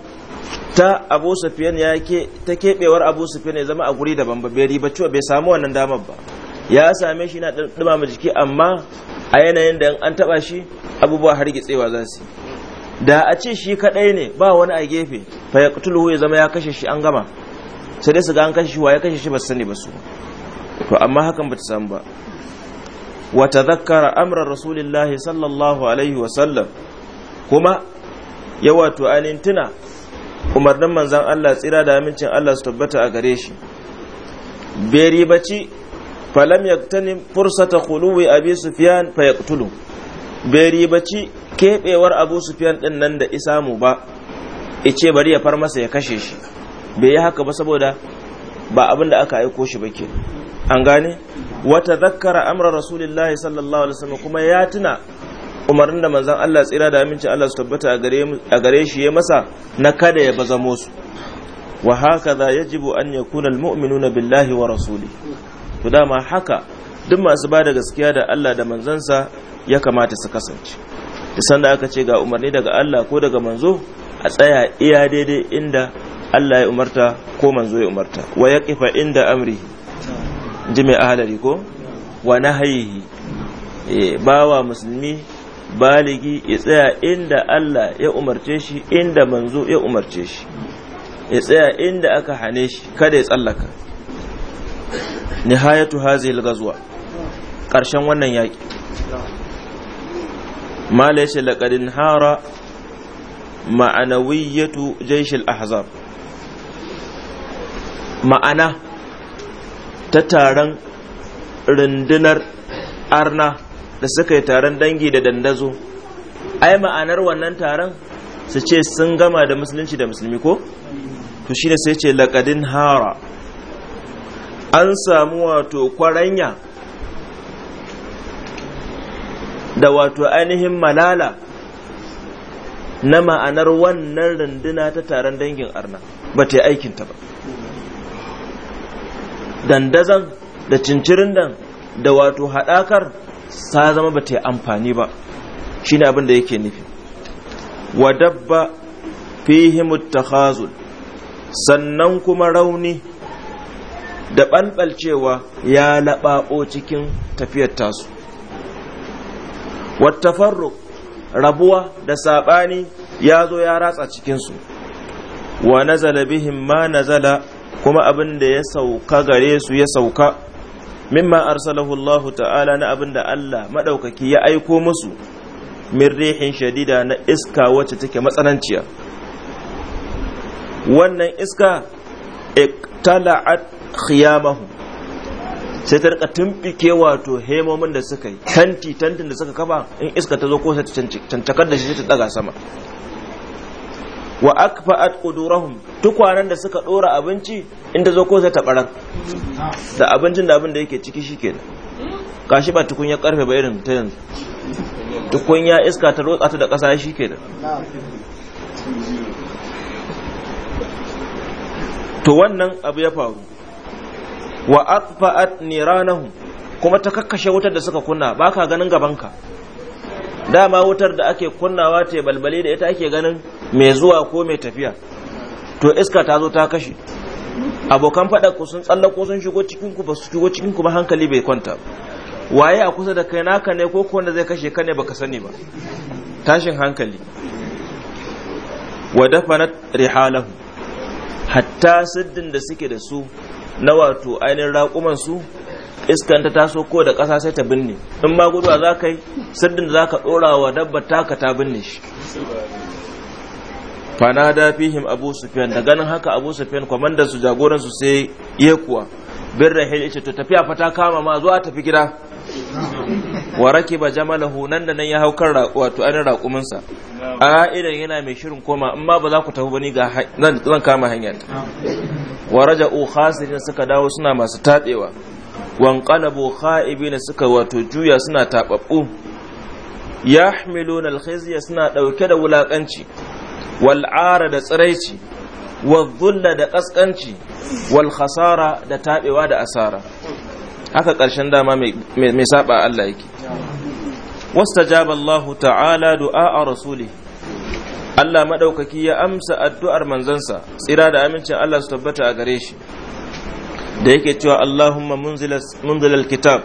ta abu sufiyan ya ke ta keɓewar abu sufiyan ya zama a guri daban ba bai riba cewa bai samu wannan damar ba ya same shi na dumama jiki amma a yanayin da an taɓa shi abubuwa har gitsewa za su da a ce shi kaɗai ne ba wani a gefe fa ya ya zama ya kashe shi an gama sai dai su ga an kashe shi wa kashe shi ba su sani ba su to amma hakan ba ta samu ba wa tadhakkara amra rasulillahi sallallahu alaihi wa sallam kuma ya wato umarnin manzan Allah tsira da amincin Allah su tabbata a gare shi bai ribaci falam yaktanim fursata kuluwi abi fiyan fa yaqtulu bai ribaci kebewar abu su fiyan din nan da isamu ba ice bari ya far masa ya kashe shi bai yi haka ba saboda ba abin da aka aiko shi ba ke an gane wata zakkara amra rasulillahi sallallahu alaihi wasallam kuma ya tuna umarnin da manzan Allah tsira da amincin Allah su tabbata a gare shi ya masa na kada ya bazamo su wa haka za ya jibu an ya kuna almu'minuna billahi wa rasuli to dama haka duk masu ba da gaskiya da Allah da manzansa ya kamata su kasance isan da aka ce ga umarni daga Allah ko daga manzo a tsaya iya daidai inda Allah ya umarta ko manzo ya umarta wa ya kifa inda amri ko wa nahayihi eh, bawa musulmi baligi ya tsaya inda Allah ya umarce shi inda manzo ya umarce shi ya tsaya inda aka hane shi kada ya tsallaka nihayatu hazil gazwa ƙarshen wannan yaƙi mala ya hara ma'anawiyyatu jaishil ahzab ma'ana ta taron rundunar arna da suka yi taron dangi da dandazo ai ma'anar wannan taron su ce sun gama da musulunci da musulmi ko to shine sai ce laƙadin hara an samu wato kwaranya da wato ainihin malala na ma'anar wannan runduna ta taron dangin arna ba ta yi aikinta ba dandazan da cincirin da wato haɗakar sa zama ba ta yi amfani ba shi ne abin da yake nufi wadabba dabba fihimut takhazul sannan kuma rauni da ɓanɓalcewa ya laɓaɓo cikin tafiyar tasu faru rabuwa da saɓani ya zo ya ratsa cikinsu wa nazala bihim ma nazala kuma abin da ya sauka gare su ya sauka mimma arsalahu Allah ta'ala na abin da Allah madaukaki ya aiko musu min rihin shadida na iska wacce take matsananciya wannan iska iktala'at khiyamahu sai ta rika tumfike wato hemomin da suka yi tanti tantin da suka kafa in iska ta zo ko ta cancakar da shi ta daga sama wa akfa'at qudurahum tukwanan da suka dora abinci inda zo ko sai tabaran da abincin da abin da yake ciki shikenan kashi ba ya karfe ba irin ta yanzu ya iska ta rotsa ta da kasa shikenan to wannan abu ya faru wa akfa'at niranahum kuma ta kakkashe wutar da suka kunna baka ganin gabanka dama wutar da ake kunnawa ta balbale da ita ake ganin mai zuwa ko mai tafiya to iska ta zo ta kashe abokan faɗa ku sun tsallako sun shigo cikin ku ba su shigo cikin ku ba hankali bai kwanta waye a kusa da kai naka ne ko wanda zai kashe ka ne baka sani ba tashin hankali wa dafanat rihalahu hatta siddin da suke da su na wato ainihin raƙuman su iskan ta taso ko da ƙasa sai ta binne in ma gudu za ka yi siddin da za ka ɗora wa dabba taka ta binne shi fanada fihim abu sufyan da ganin haka abu sufyan kwamandan su jagoran su sai iya kuwa bin rahil ita to tafiya fa ta kama ma zuwa tafi gida wa rakiba jamalahu nan da nan ya hau kan wato an raƙumin sa a idan yana mai shirin koma amma ba za ku tafi bani ga zan kama hanyar wa raja'u khasirin suka dawo suna masu wan qalabu kha'ibina suka wato juya suna tababbu yahmiluna alkhizya suna dauke da wulakanci wal'ara da tsiraici wadhulla da ƙasƙanci, wal khasara da taɓewa da asara haka ƙarshen dama mai saba Allah yake wastajaba Allah ta'ala du'a rasuli Allah maɗaukaki ya amsa addu'ar manzansa tsira da amincin Allah su tabbata a gare shi da yake cewa Allahumma munzilal kitab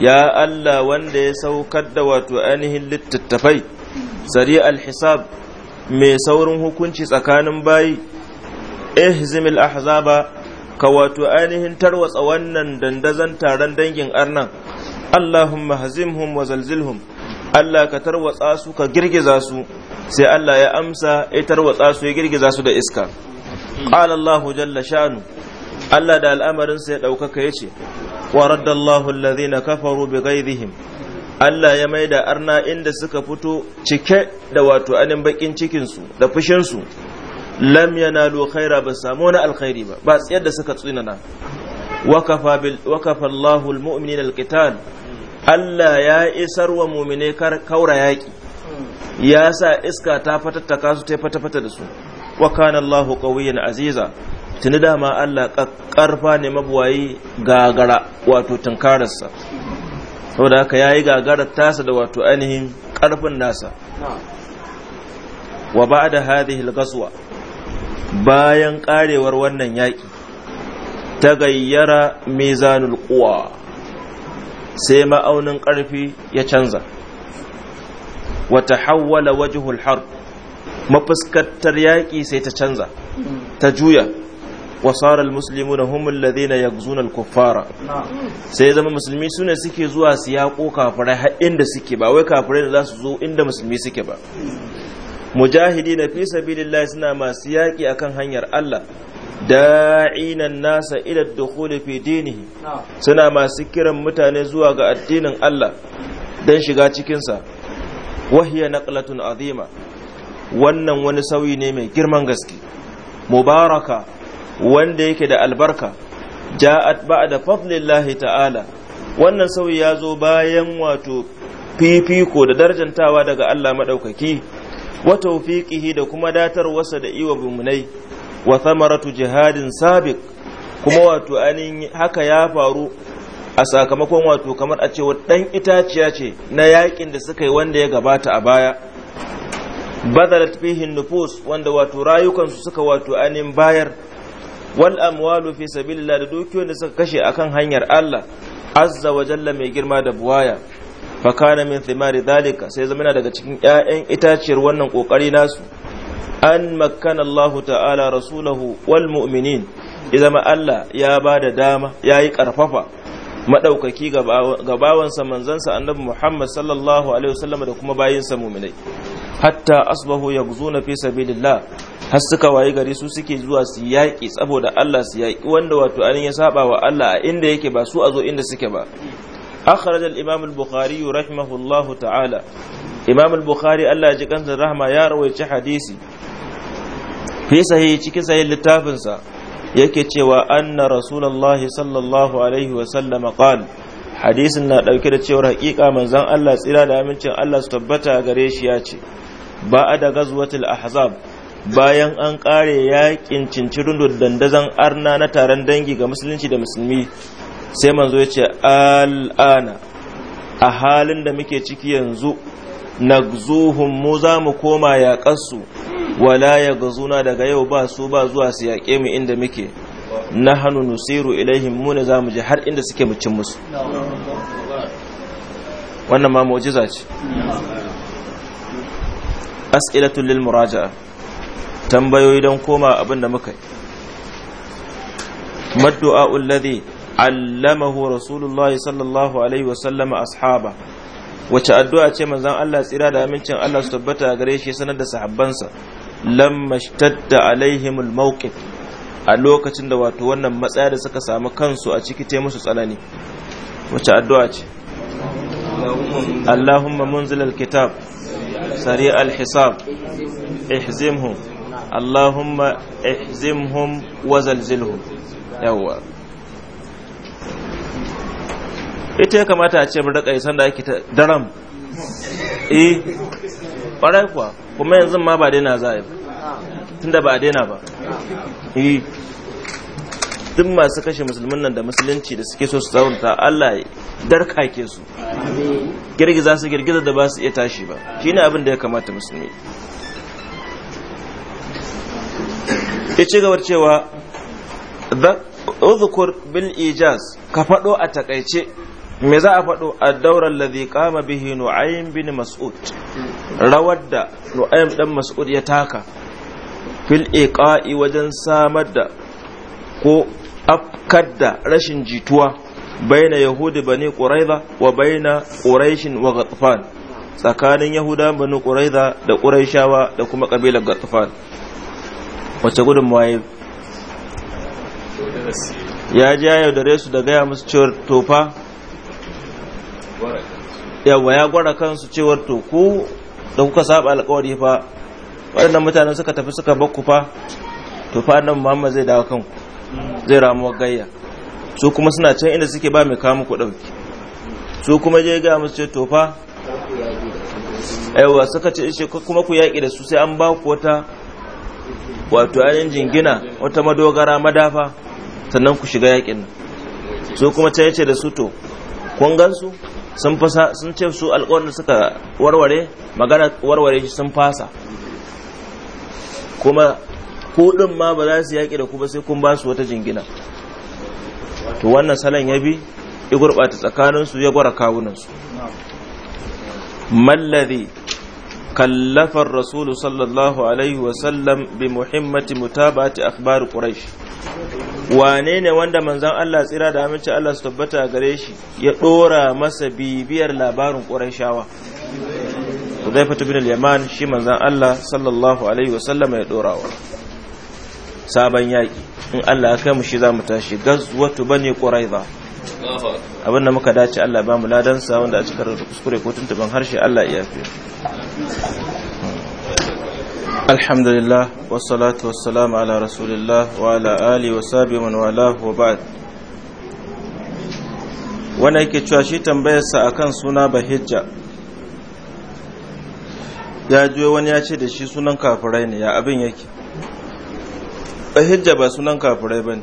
ya Allah wanda ya saukar da wato ainihin littattafai sari al-hisab mai saurin hukunci tsakanin bayi ihzimil ahzaba ka wato ainihin tarwatsa wannan dandazon taron dangin arnan Allahumma hazimhum wa zalzilhum Allah ka tarwatsa su ka girgiza su sai Allah ya amsa ya tarwatsa su ya girgiza su da iska qala Allah jalla sha'nu Allah da al'amarin sa ya daukaka yace wa raddallahu alladhina kafaru bighayrihim Allah ya mai da arna inda suka fito cike da wato anin bakin cikinsu da fushinsu lam yanalu khaira ba samu wani alkhairi ba ba tsayar da suka tsinana wakafa Allahu almu'minina alqital Allah ya isar wa mu'mine kaura yaki ya sa iska ta fatattaka su ta fata-fata da su wa kana Allahu qawiyyan aziza tuni dama Allah karfa ne mabuwayi gagara wato tunkararsa saboda haka yayi gagarar tasa da wato ainihin karfin nasa wa da hadhihi al gasuwa bayan karewar wannan yaƙi ta gayyara mizanul quwa sai ma'aunin karfi ya canza wa tahawwala wajhul harb mafuskantar yaƙi sai ta canza ta juya wa sara almuslimuna hum alladhina yaghzuna alkuffara sai zama musulmi sune suke zuwa su yako kafirai har inda suke ba wai kafirai da zasu zo inda musulmi suke ba mujahidina fi sabilillah suna masu yaki akan hanyar Allah da'ina nasa ila dukhuli fi dinihi suna masu kiran mutane zuwa ga addinin Allah dan shiga cikinsa. Wahya na naqlatun azima wannan wani sauyi ne mai girman gaske mubaraka wanda yake da albarka ja'at ba'da fadlillahi ta'ala wannan sauyi ya zo bayan wato fifiko da darjantawa daga Allah madaukaki wa tawfiqihi da kuma datar wasa da iwa bumunai wa thamaratu jihadin sabiq kuma wato anin haka ya faru a sakamakon wato kamar a cewa dan itaciya ce na yakin da suka yi wanda ya gabata a baya badalat fihi nufus wanda wato rayukansu suka wato anin bayar wal amwalu fi sabilillah da dukiyoyin da suka kashe akan hanyar Allah azza wa jalla mai girma da buwaya fa kana min thimari dhalika sai zama daga cikin ƴaƴan itaciyar wannan kokari nasu an makkana Allah ta'ala rasulahu wal mu'minin idan Allah ya ba da dama ya yi karfafa madaukaki ga bawansa manzansa annabi Muhammad sallallahu alaihi wasallam da kuma bayinsa mu'minai hatta asbahu yaghzuna fi sabilillah har suka wayi gari su suke zuwa su yaƙi saboda Allah su yaƙi wanda wato an ya saba wa Allah a inda yake ba su a zo inda suke ba akhraj al-imam al-bukhari rahimahullahu ta'ala imam al-bukhari Allah ji kansa rahma ya rawaici hadisi fi sahihi cikin sahihin littafin sa yake cewa anna rasulullahi sallallahu alaihi wa sallam qala hadisin na dauke da cewar hakika manzon Allah tsira da amincin Allah su tabbata gare shi ya ce ba a da gazwatul ahzab bayan an ƙare yaƙin cincirin dandazon arna na taron dangi ga musulunci da musulmi sai manzo ya ce al'ana a halin da muke ciki yanzu na mu za mu koma yaƙarsu wala ya gazuna daga yau ba su ba zuwa su yaƙe mu inda muke na hannu nusiru ilaihim mu ne za mu je har inda suke mucin musu wannan ma mu'jiza ce as'ilatul lil muraja'a tambayoyi don koma abin da muka yi maddu'a allamahu rasulullahi sallallahu alaihi wasallama ashaba wace addu'a ce manzon Allah tsira da amincin Allah su tabbata gare shi sanar da sahabbansa lamma shtadda alaihimul mawqif a lokacin da wato wannan matsaya da suka samu kansu a ciki te musu tsanani wace addu'a ce Allahumma munzil alkitab sari alhisab ihzimhum اللهم احزمهم وزلزلهم يوا ita ya kamata a ce mu rika isan da ake ta daram eh ƙwarai kuwa kuma yanzu ma ba daina za a tunda ba a daina ba eh duk masu kashe musulmin nan da musulunci da suke so su zaunta Allah darka ke su girgiza su girgiza da ba su iya tashi ba shine abin da ya kamata musulmi ya ci gabar cewa uzkur bil ijaz ka faɗo a takaice me za a faɗo a daura ladhi kama bihi nu'aym bin mas'ud rawar da nu'aym dan mas'ud ya taka fil iqa'i wajen samar da ko afkar da rashin jituwa baina yahudi bani quraiza wa baina quraishin wa ghatfan tsakanin yahuda bani quraiza da quraishawa da kuma kabilar ghatfan wace gudunmawa ya ya ji ya yaudare su da gaya musu cewar tofa yawa ya gwara kansu cewar to ku da kuka saba alkawari fa waɗannan mutanen suka tafi suka bakku fa to fa nan muhammad zai dawo kanku zai wa gayya su kuma suna can inda suke ba mai kawo muku ɗauki su kuma je ga musu ce to fa yawa suka ce kuma ku yaƙi da su sai an ba ku wata wato ainihin jingina wata madogara madafa sannan ku shiga yakin nan su kuma ta yace da su to kun gansu sun fasa sun ce su alƙawarin suka warware magana warware shi sun fasa kuma ko ma ba za su yaƙi da ku ba sai kun ba su wata jingina to wannan salon ya bi ya gurɓata tsakaninsu ya gwara kawunansu mallari. كلف الرسول صلى الله عليه وسلم بمهمة متابعة أخبار قريش وانين ne wanda manzan Allah tsira da الله Allah su tabbata gare shi ya ɗora masa bibiyar labarin Qurayshawa شي من al الله shi manzan Allah sallallahu alaihi wasallam ya إن sabon أكام in Allah ya kai mu shi za mu tashi abin da muka dace Allah ba mu ladansa wanda a cikin kuskure ko tuntuban harshe Allah ya fiye. alhamdulillah wasalatu wassalamu ala rasulillah wa ala wa sabi man wala wa ba'd wanda yake cewa shi tambayarsa akan suna bahijja ya juyo wani ya ce da shi sunan kafirai ne ya abin yake bahijja ba sunan kafirai ba ne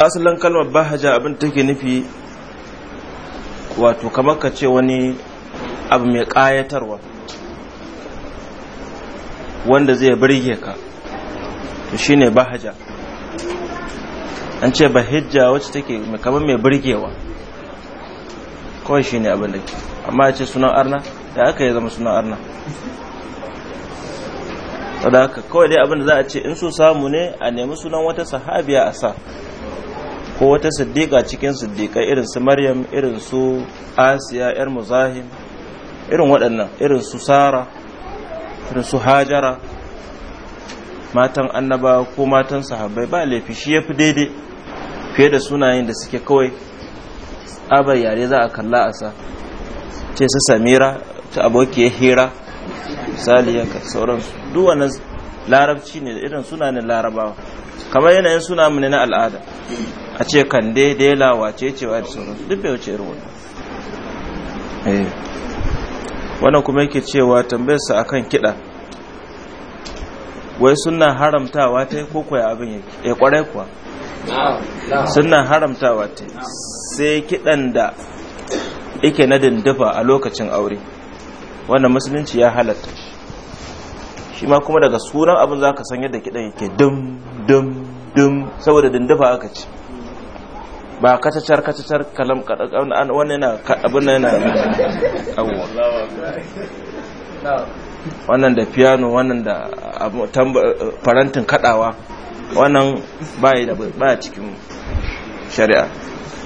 asalin kalmar bahaja abin take nufi wato kamar ka ce wani abu mai ƙayatarwa wanda zai birge ka to shine bahaja an ce bahijja wacce take kama mai birgewa kawai shine abin da ke amma ya ce sunan arna da aka yi zama sunan arna wadda aka kawai dai abin da za a ce in so samu ne a nemi sunan wata sahabiya a sa ko wata siddiƙa cikin siddiƙa irin su maryam irin su asiya yar muzahim irin waɗannan irin su sara irin su hajara matan annaba ko matan sahabbai ba laifi shi ya fi daidai fiye da sunayen da suke kawai tsabar yare za a kalla a sa ce su samira ta abokiyar hira misali yanka sauransu duk larabci ne irin sunayen larabawa kamar yanayin suna mu ne na al'ada a ce kande lawa wace cewa da sauransu duk bai wuce irin wannan eh. wannan kuma yake cewa tambayarsa akan kiɗa wai suna haramtawa ta yi kokoya abin ya kwarai eh, kuwa suna haramtawa ta sai kiɗan da yake na dindifa a lokacin aure wannan musulunci ya halatta shi ma kuma daga sunan abin za ka san yadda kiɗan yake dum dum dum saboda dindifa aka ce ba kacacar kacacar kalam wani na abin yana abuwa wannan da piano wannan da farantin kadawa wannan ba da cikin shari'a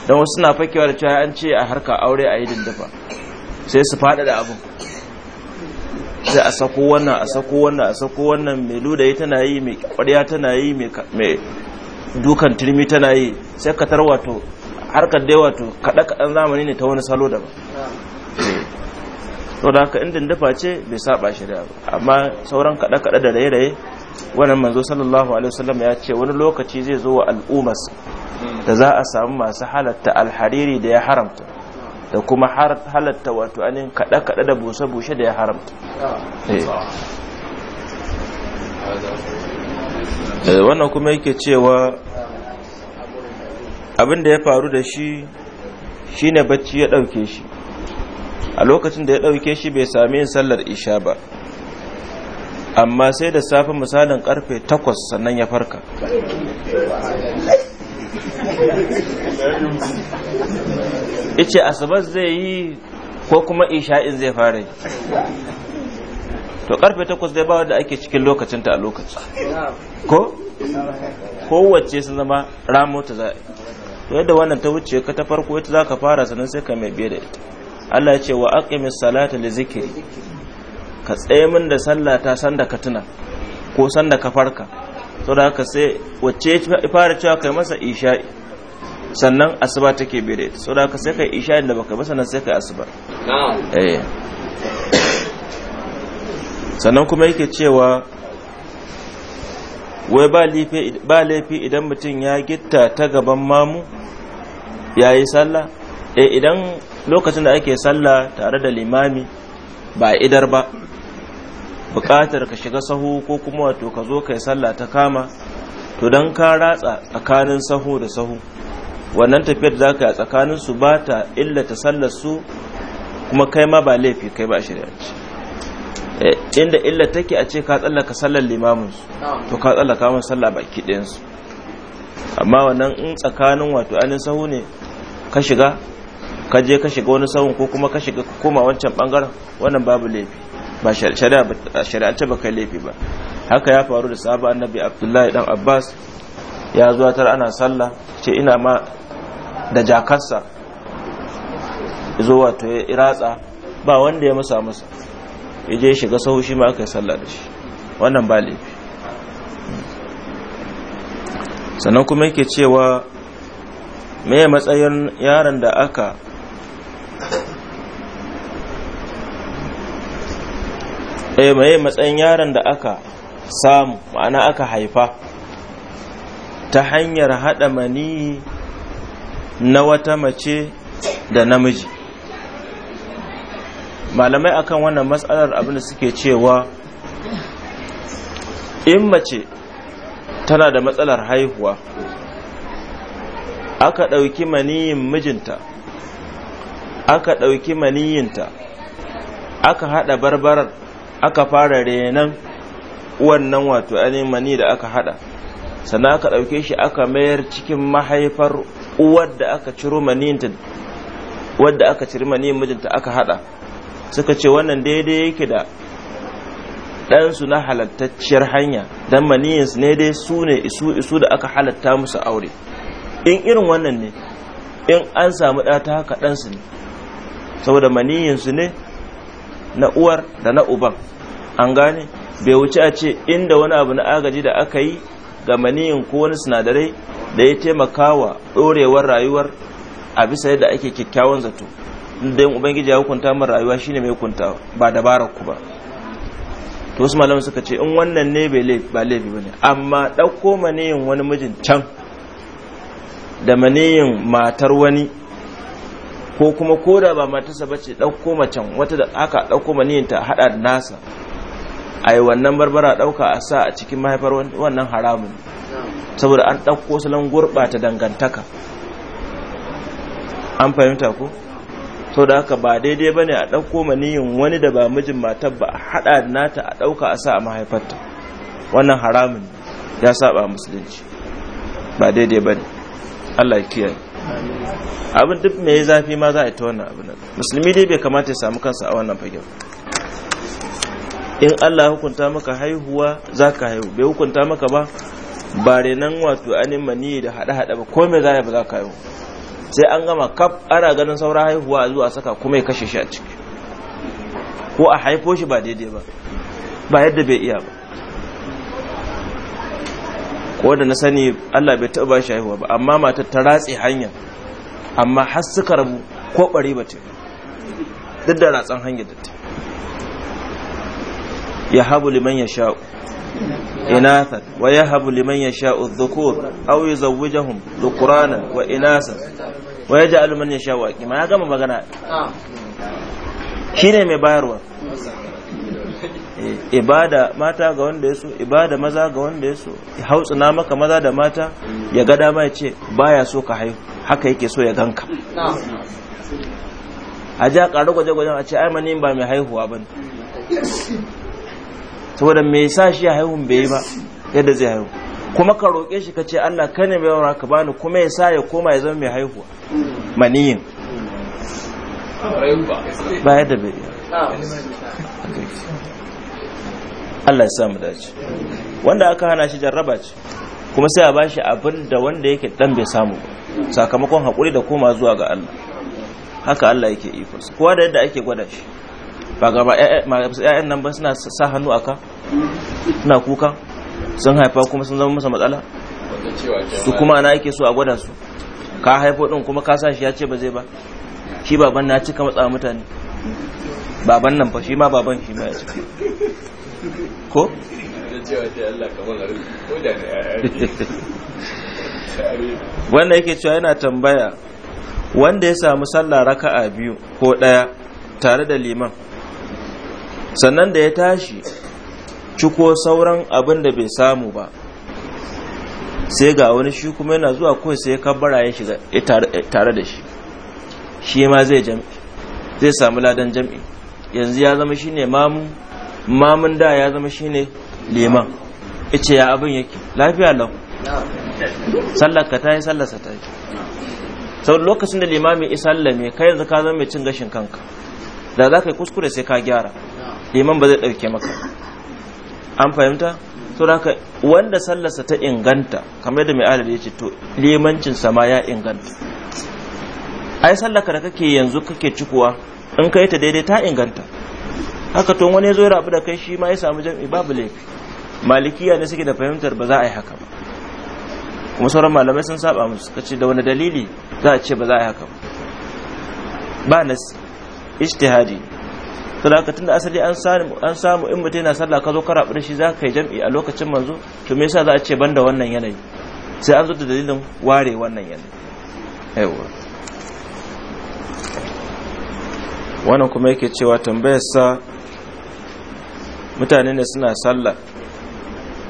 don wasu na fakewa da cewa an ce a harka aure a yi dindafa sai su fada da abin sai a sako wannan a sako wannan a sako wannan mai luda tana yi mai kwariya tana yi mai dukan turmi tana yi sai ka tar wato harkar dai wato kaɗa kaɗan zamani ne ta wani salo ba to da haka inda dafa ce bai saba shi da amma sauran kaɗa kaɗa da raye-raye wannan manzo sallallahu alaihi wasallam ya ce wani lokaci zai zo wa al'ummas da za a samu masu halatta alhariri da ya haramta da kuma halatta wato anin kaɗa kaɗa da bushe-bushe da ya haramta eh. Eh, wannan kuma yake cewa abin da ya faru da shi shine bacci ya ɗauke shi a lokacin da ya ɗauke shi bai sami yin sallar isha ba amma sai da safe misalin karfe takwas sannan ya farka ice asabar zai yi ko kuma isha'in zai fara yi to karfe takwas dai ba wanda ake cikin lokacinta a lokaci ko kowace sun zama ramo ta za'a to yadda wannan ta wuce ka ta farko ita za ka fara sannan sai ka mai biye da ita Allah ya ce wa aqimis salata li zikri ka tsaye min da sallah ta sanda ka tuna ko sanda ka farka Sau da haka sai wacce ya fara cewa kai masa isha'i sannan asuba take biyar da ita Sau da haka sai kai isha'i da baka ba sannan sai kai asuba eh sannan kuma yake cewa wai ba laifi idan mutum ya gitta ta gaban mamu ya yi sallah e idan lokacin da ake sallah tare da limami ba idar ba bukatar ka shiga sahu ko kuma wato ka zo kai sallah ta kama to don ka ratsa tsakanin sahu da sahu wannan tafiyar da za ka yi a tsakaninsu ba ta illata sallar su kuma kai ma ba laifi kai ba a Eh, inda illa take a ce ka tsallaka sallar limamin su to ka tsallaka mun sallah baki ɗayan su amma wannan in tsakanin wato anin sahu ne ka shiga ka je ka shiga wani sahun ko kuma ka shiga koma wancan bangaren wannan babu laifi ba shari'a ta baka laifi ba haka ya faru da sahaba annabi abdullahi dan abbas ya zuwa tara ana sallah ce ina ma da jakarsa zo wato ya ratsa ba wanda ya masa masa ya je shiga sahu shi ma aka yi sallah da shi wannan ba laifi sannan kuma yake cewa me matsayin yaron da aka eh me matsayin yaron da aka samu ma'ana aka haifa ta hanyar haɗa mani na wata mace da namiji malamai akan wannan matsalar abin da suke cewa in mace tana da matsalar haihuwa aka ɗauki maniyin mijinta aka ɗauki maniyinta aka haɗa barbarar aka fara renan wannan wato ainihin mani da aka haɗa sannan aka ɗauke shi aka mayar cikin mahaifar uwar da aka ciro maniyinta wadda aka ciri maniyin mijinta aka haɗa suka ce wannan daidai yake da ɗansu na halattacciyar hanya don maniyansu ne dai su ne isu isu da aka halatta musu aure in irin wannan ne in an samu ta haka ɗansu ne saboda maniyinsu ne na uwar da na uban an gane bai wuce a ce inda wani abu na agaji da aka yi ga maniyin ko wani sinadarai da ya taimaka wa ɗorewar rayuwar a bisa yadda ake kyakkyawan zato dan yin ubangiji ya hukunta min rayuwa shine mai hukunta ba dabarar ku ba to su malamu suka ce in wannan ne ba laifi ba ne amma dauko maniyin wani mijin can da maniyin matar wani ko kuma koda ba matarsa ba ce ɗauko macen wata da aka ɗauko maniyin ta haɗa da nasa a yi wannan barbara ɗauka a sa a cikin mahaifar wannan haramun saboda an ɗauko salon gurbata dangantaka an fahimta ko sau da haka ba daidai ba ne a ɗauko maniyin wani da ba mijin matar ba a haɗa da nata a ɗauka a sa a mahaifarta wannan haramun ya saba musulunci ba daidai ba ne allah kiyar abin duk mai zafi ma za a yi ta wannan abin musulmi dai bai kamata ya samu kansa a wannan fagen in allah hukunta maka haihuwa za ka haihu bai hukunta maka ba ba renan wato anin maniyi da haɗe-haɗe ba ko mai yi ba za ka haihu sai an gama kaf ana ganin saura haihuwa zuwa saka kuma ya kashe shi a ciki ko a haifo shi ba daidai ba ba yadda bai iya ba ko da na sani Allah bai taɓa ba shi haihuwa ba amma mata ta ratse hanya amma har suka rabu ko bari ba ce duk da ratsan hanyar da ta ya habu liman ya sha'u inathan wa yahabu liman yasha'u dhukur aw yuzawwijuhum dhukrana wa inasa wa yaj'alu man yasha'u aqima ya gama magana shine mai bayarwa ibada mata ga wanda ya so ibada maza ga wanda ya so na maka maza da mata ya ga dama ya ce baya so ka haihu haka yake so ya ganka a ja ƙaru gwaje-gwajen a ce ai mani ba mai haihuwa ba ne saboda me yasa shi ya haihun bai ba yadda zai haihu kuma ka roƙe shi ka ce Allah ka ne mai yawa ka bani kuma ya sa ya koma ya zama mai haihuwa maniyin ba yadda bai Allah ya samu dace wanda aka hana shi jarraba ce kuma sai a bashi abin da wanda yake dan bai samu ba sakamakon haƙuri da koma zuwa ga Allah haka Allah yake ikonsa kowa da yadda ake gwada shi ba gaba ƴaƴan nan ba suna sa hannu aka suna kuka sun haifa kuma sun zama masa matsala su kuma ana ake so a gwada su ka haifo din kuma ka sa shi ya ce ba zai ba shi baban na cika matsa mutane baban nan fa shi ma baban shi ma ya cika ko wanda yake cewa yana tambaya wanda ya samu sallah raka'a biyu ko ɗaya tare da liman sannan da ya tashi ciko sauran abin da bai samu ba sai ga wani shi kuma yana zuwa kawai sai ya kabbara ya shiga tare da shi shi ma zai jam'i zai samu ladan jam'i yanzu ya zama shine mamu mamun da ya zama shine liman ice ya abin yake lafiya lau sallar ka ta yi sallar ta yi sau lokacin da limami isallame kai yanzu ka zama mai cin gashin kanka da za ka yi kuskure sai ka gyara liman ba zai ɗauke maka an fahimta to haka wanda sallarsa ta inganta kamar da mai adadi ya ce to limancin sama ya inganta ai sallaka da kake yanzu kake cikuwa in kai ta daidai ta inganta haka to wani ya zo rabu da kai shi ma ya samu jam'i babu laifi malikiya ne suke da fahimtar ba za a yi haka ba kuma sauran malamai sun saba musu ce da wani dalili za a ce ba za a yi haka ba ba nas ijtihadi to da asali an samu in mutum yana sallah ka zo ka rabu da shi zaka kai jam'i a lokacin manzo to me yasa za a ce banda wannan yanayi sai an zo da dalilin ware wannan yanayi aiwa wannan kuma yake cewa tambayar sa mutane ne suna sallah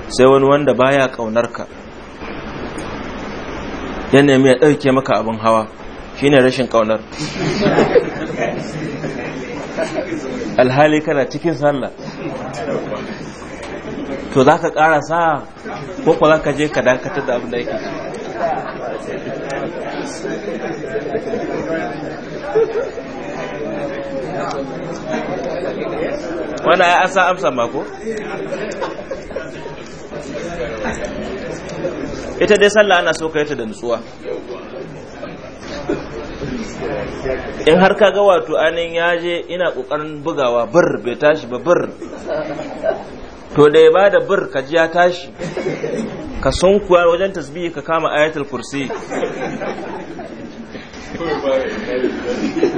sai wani wanda baya kaunar ka ya ɗauke maka abin hawa shine rashin kaunar alhali kana cikin sallah to za ka kara sa ko za ka je ka dakatar da abin da yake wani ya asa amsa mako ita dai sallah ana so ka yi ta da nutsuwa in har ka ga wato anin ya je ina kokarin bugawa bir bai tashi ba bir to da ya bada bir ka ji ya tashi ka kuwa wajen tasbihi ka kama ayatul kursi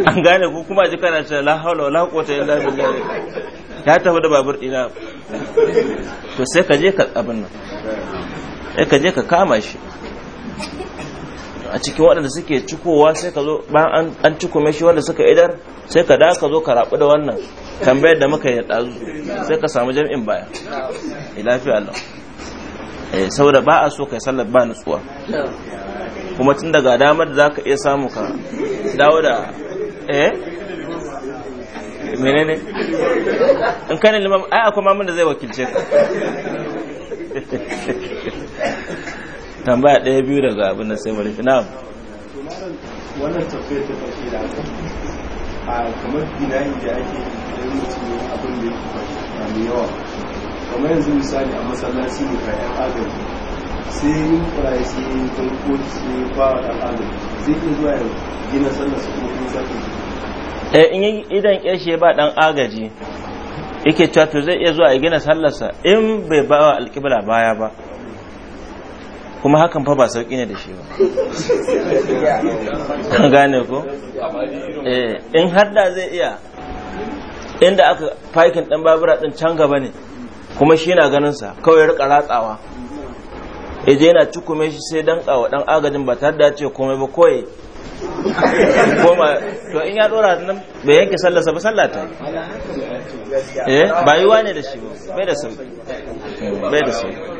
an gane ku kuma ji kana ce la haula wala quwwata illa billah ya tafi da babur ina to sai ka je ka abin nan sai ka je ka kama shi a cikin waɗanda suke cikowa sai ka zo ba an cikume shi wanda suka idar sai ka da ka zo ka rabu da wannan tambayar da muka yi ɗazu sai ka samu jam'in baya ilafi eh, Allah eh, saboda ba a so kai sallar ba nutsuwa kuma tun daga damar da za ka iya samu ka dawo da eh menene in kanin limam ai akwai mamun da zai wakilce ka tambaya ɗaya biyu daga abin da sai marifi na wannan tafiyar ta fashe da a kamar binayi da ake idan mutum ne abin da yake fashe mai yawa kamar yanzu misali a masallaci ne ka yan agaji sai yin kuraye sai yin farko sai ba wa ɗan agaji zai iya zuwa yau gina sallar su kuma sake eh in idan ƙeshe ba dan agaji yake cewa to zai iya zuwa ya gina sallarsa in bai ba wa alƙibla baya ba kuma hakan fa ba sauki ne da shi ba kan gane ko eh, in hadda zai iya inda aka faikin dan babura din can gaba ne kuma shi na ganin sa kawai rika ratsawa je yana cikume shi sai dan kawo dan agajin ba tare da ce komai ba koyi Koma to in ya dora nan bai yanke sallarsa ba sallata eh ba yiwa ne da shi ba bai da sauki bai da sauki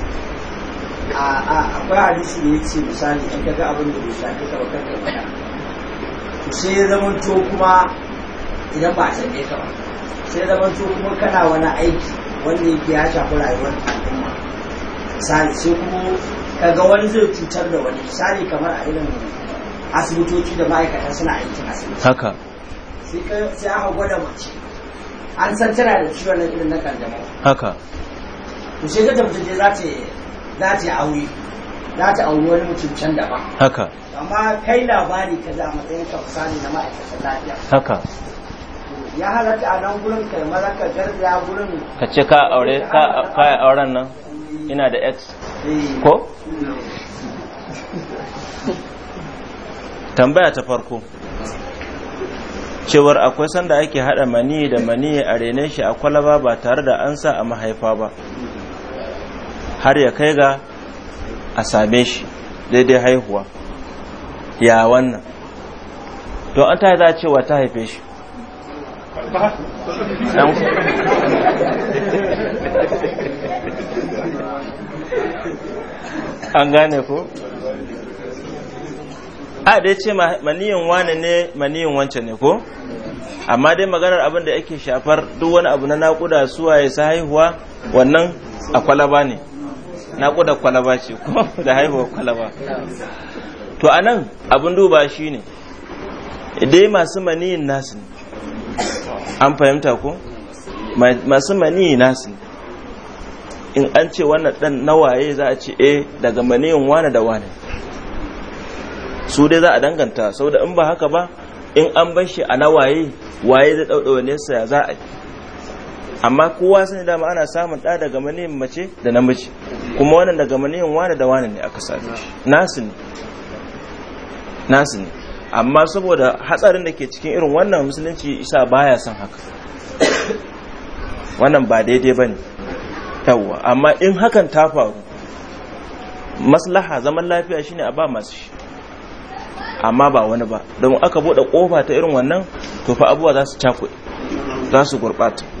akwai hadisi ne ce misali in ka ga abin da bai shafi ka ba kan ka fada to sai ya zama to kuma idan ba a tambaye ka ba sai ya zama to kuma kana wani aiki wanda yake ya shafi rayuwar al'umma misali sai kuma ka ga wani zai cutar da wani misali kamar a irin asibitoci da ma'aikata suna aikin asibiti haka sai aka gwada mace an san tana da ciwon irin na kanjamau haka to sai ta tabbata za ta za ta aure za ta aure wani mutum can da ba haka amma kai labari ka za matsayin ka misali na ma'aikatan lafiya haka ya halatta a nan gurin kai maza ka garzaya gurin ka ce ka aure ka auren nan ina da x eh. ko tambaya ta farko cewar akwai sanda ake hada mani da mani a rene shi a kwalaba ba tare da an sa a mahaifa ba har ya kai ga a same shi daidai haihuwa ya wannan to an ta za a cewa ta haife shi an gane ko a da ya ce maniyin wane ne maniyin wance ne ko amma dai maganar abin da yake shafar duk wani abu na naƙuda suwa ya sa haihuwa wannan a kwalaba ne naƙuda kwalaba ce ko da haihuwar kwalaba to a nan abin duba shi ne dai masu maniyin nasu an fahimta ko masu maniyin nasu in an ce wannan ɗan nawaye za a ce eh daga maniyin wane da wane su dai za a danganta da in ba haka ba in an bar shi a nawaye waye zai ɗauɗawa nesa ya za a yi amma kowa sani dama ana samun ɗa daga maniyin mace da namiji kuma wannan daga maniyin wane da wane ne aka same shi nasu ne nasu ne amma saboda hatsarin da ke cikin irin wannan musulunci isa baya son haka wannan ba daidai ba ne yawwa amma in hakan ta faru maslaha zaman lafiya shine a ba masu shi amma ba wani ba don aka buɗe ƙofa ta irin wannan to fa abubuwa za su cakuɗe za su gurɓata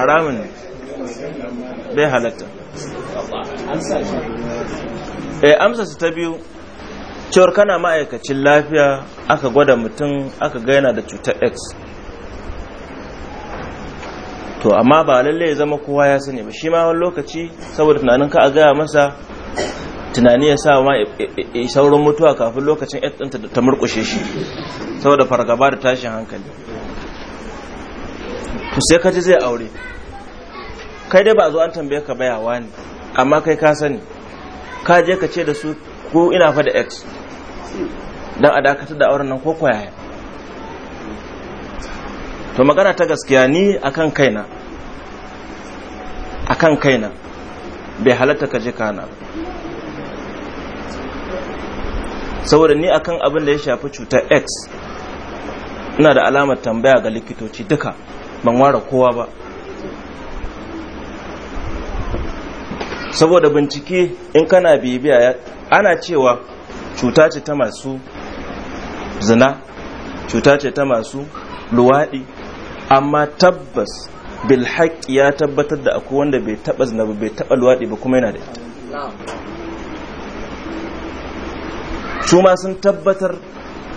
haramun ne bai halatta e amsa su ta biyu cewar kana ma'aikacin lafiya aka gwada mutum aka gaina da cutar x to amma ba lalle ya zama kowa ya sani ba shi ma wani lokaci saboda tunanin ka a gaya masa tunani ya sa ma saurin mutuwa kafin lokacin ɗinta da ta murkushe shi saboda fargaba da tashin hankali to sai ka zai aure kai dai ba a zo an tambaye ka bayawa ne amma kai ka sani ka je ka ce da su ko ina fa da x don a dakatar da auren nan ko kwaya to magana ta gaskiya ni akan kaina akan kaina bai halatta ka je kana saboda ni akan abin da ya shafi cutar x ina da alamar tambaya ga likitoci duka ban ware kowa ba saboda bincike in kana bibiya ana cewa cuta ce ta masu zina cuta ce ta masu luwaɗi amma tabbas bilhaƙi ya tabbatar da akwai wanda bai taɓa zina ba bai taɓa luwaɗi ba kuma yana da ita su ma sun tabbatar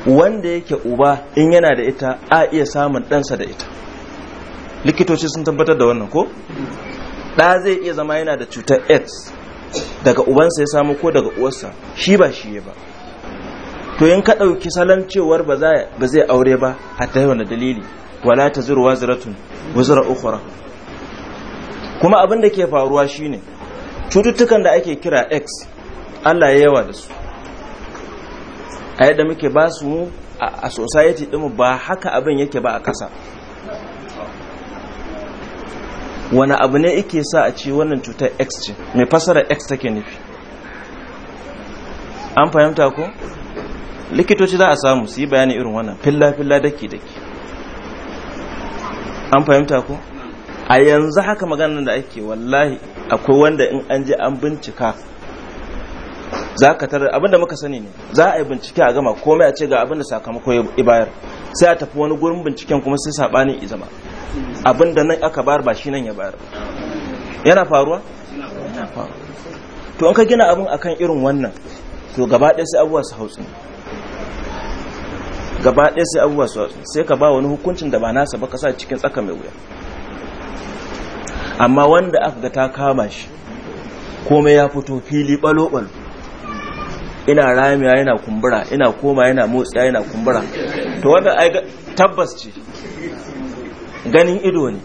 wanda yake uba in yana da ita a iya samun ɗansa da ita likitoci sun tabbatar da wannan ko ɗa zai iya zama yana da cutar aids daga ubansa ya samu ko daga uwarsa shi ba shi ba to in ka ɗauki salon cewar ba zai aure ba hatta yau na dalili wala ta waziratun ziratun ukhra kuma abin da ke faruwa shine cututtukan da ake kira x allah ya yawa da su a yadda muke ba su a society din ba haka abin yake ba a kasa wani abu ne yake sa a ce wannan cutar x ce mai fasara x take nufi an fahimta ko likitoci za a samu su yi bayani irin wannan filla-filla daki-daki an fahimta ko a yanzu haka maganar da ake wallahi akwai wanda in an je an bincika za ka tarar abinda muka sani ne za a yi bincike a gama komai a ce ga abinda sakamako ya bayar sai a tafi wani gurin binciken kuma sai saɓanin izama abin da nan aka bayar ba shi nan ya bayar yana faruwa to an ka gina abin akan irin wannan to gaba ɗaya sai abuwa su hausu gaba ɗaya sai abuwa su hausu sai ka ba wani hukuncin da ba nasa ba kasa cikin tsaka mai wuya amma wanda aka ga ta kama shi komai ya fito fili balo-balo ina ramiya yana kumbura ina koma yana motsi yana kumbura to wanda tabbas ce ganin ido ne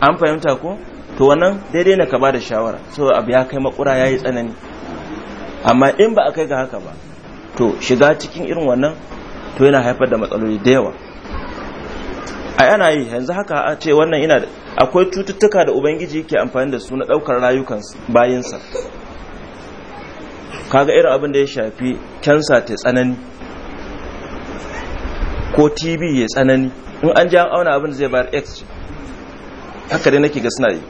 an fahimta ko to wannan daidai na ka ba da shawara so abu ya kai makura ya yi tsanani amma in ba a kai ga haka ba to shiga cikin irin wannan to yana haifar da matsaloli da yawa a yana yi yanzu haka a ce wannan ina akwai cututtuka da ubangiji ke amfani da su na ɗaukar rayukan bayansa kaga irin abin da ya shafi kyansa ta tsanani ko tb ya tsanani in an ji an auna abin zai bayar x haka dai nake ga suna yi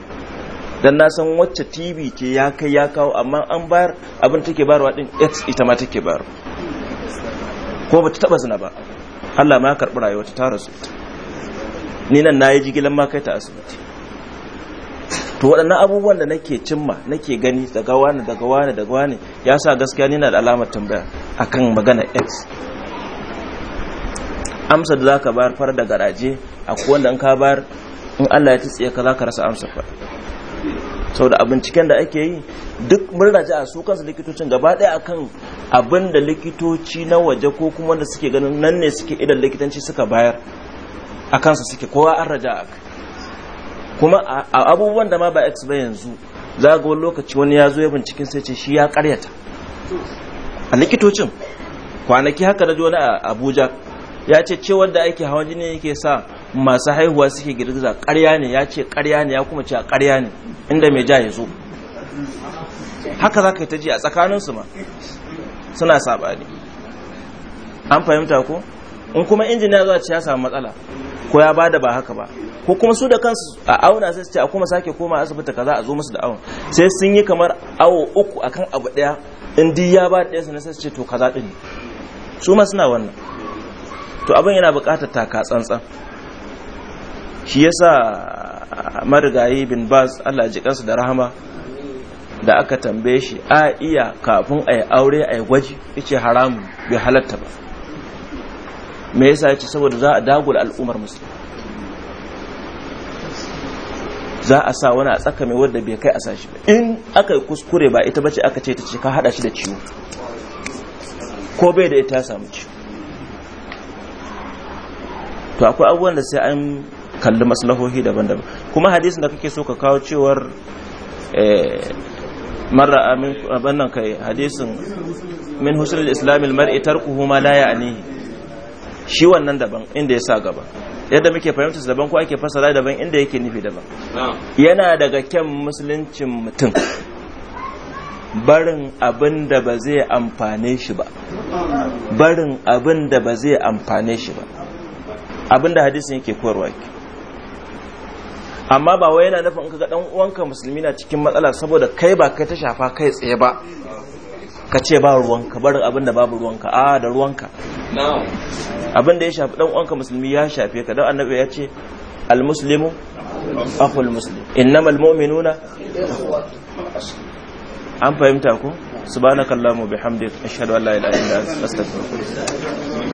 dan na san wacce tv ce ya kai ya kawo amma an bayar abin take bayarwa din x ita ma take bayar ko bata taba zina ba Allah ma ya karbi rayuwa ta rasu ni nan nayi jigilan ma kai ta asibiti to waɗannan abubuwan da nake cimma nake gani daga wani daga wani daga wani ya sa gaskiya ni na da alamar tambaya akan magana x amsa da zaka bayar far da garaje akwai wanda in ka bayar in Allah ya tsiye ka zaka rasa amsa far Sau da binciken da ake yi duk murnaci a su kansu likitocin gaba ɗaya akan abin da likitoci na waje ko kuma wanda suke ganin nan ne suke idan likitanci suka bayar a kansa suke kowa an raja a kuma a abubuwan da ma ba x ba yanzu za ga wani lokaci wani ya zo ya binciken sai ce shi ya karyata a likitocin kwanaki haka da jona a abuja ya ce ce wanda ake hawan jini yake sa masu haihuwa suke girgiza ƙarya ne ya ce ƙarya ne ya kuma ce a ƙarya ne inda mai ja ya zo haka za ka yi ta ji a tsakaninsu ma suna ne. an fahimta ko in kuma injiniya zuwa ce ya samu matsala ko ya bada ba haka ba ko kuma su da kansu a auna sai su ce a kuma sake koma asibiti kaza a zo musu da awon sai sun yi kamar awo uku akan abu daya in di ya ba ɗaya ne sai su ce to kaza din su ma suna wannan to abin yana bukatar taka tsantsan shi yasa marigayi bin baz Allah ji kansu da rahama da aka tambaye shi a iya kafin a yi aure a yi gwaji yace haramu bai halatta ba me yasa yace saboda za a dagula al'ummar musulmi za a sa wani a tsaka mai wadda bai kai a sashi ba in aka yi kuskure ba ita bace aka ce ta ce ka hada shi da ciwo ko bai da ita samu ciwo to akwai abubuwan da sai an kalli maslahohi daban-daban kuma hadisin da kake so ka kawo cewar eh, marra amin abannan kai hadisin min husnul islamil mar'i tarkuhu ma la ya'nihi shi wannan daban inda ya sa gaba yadda muke fahimtar daban ko ake fasara daban inda yake nufi daban yana daga kyan musuluncin mutum barin abin da ba zai amfane shi ba barin abin da ba zai amfane shi ba abinda hadisin yake koyarwa yake amma ba wai yana nufin ka ga dan uwanka musulmi na cikin matsala saboda kai ba kai ta shafa kai tsaye ba ka ce ba ruwanka barin abin da babu ruwanka a da ruwanka abin da ya shafi dan uwanka musulmi ya shafe ka dan annabi ya ce almuslimu akhul muslim malmomi mu'minuna an fahimta ko subhanakallahumma bihamdika ashhadu an la ilaha illa anta astaghfiruka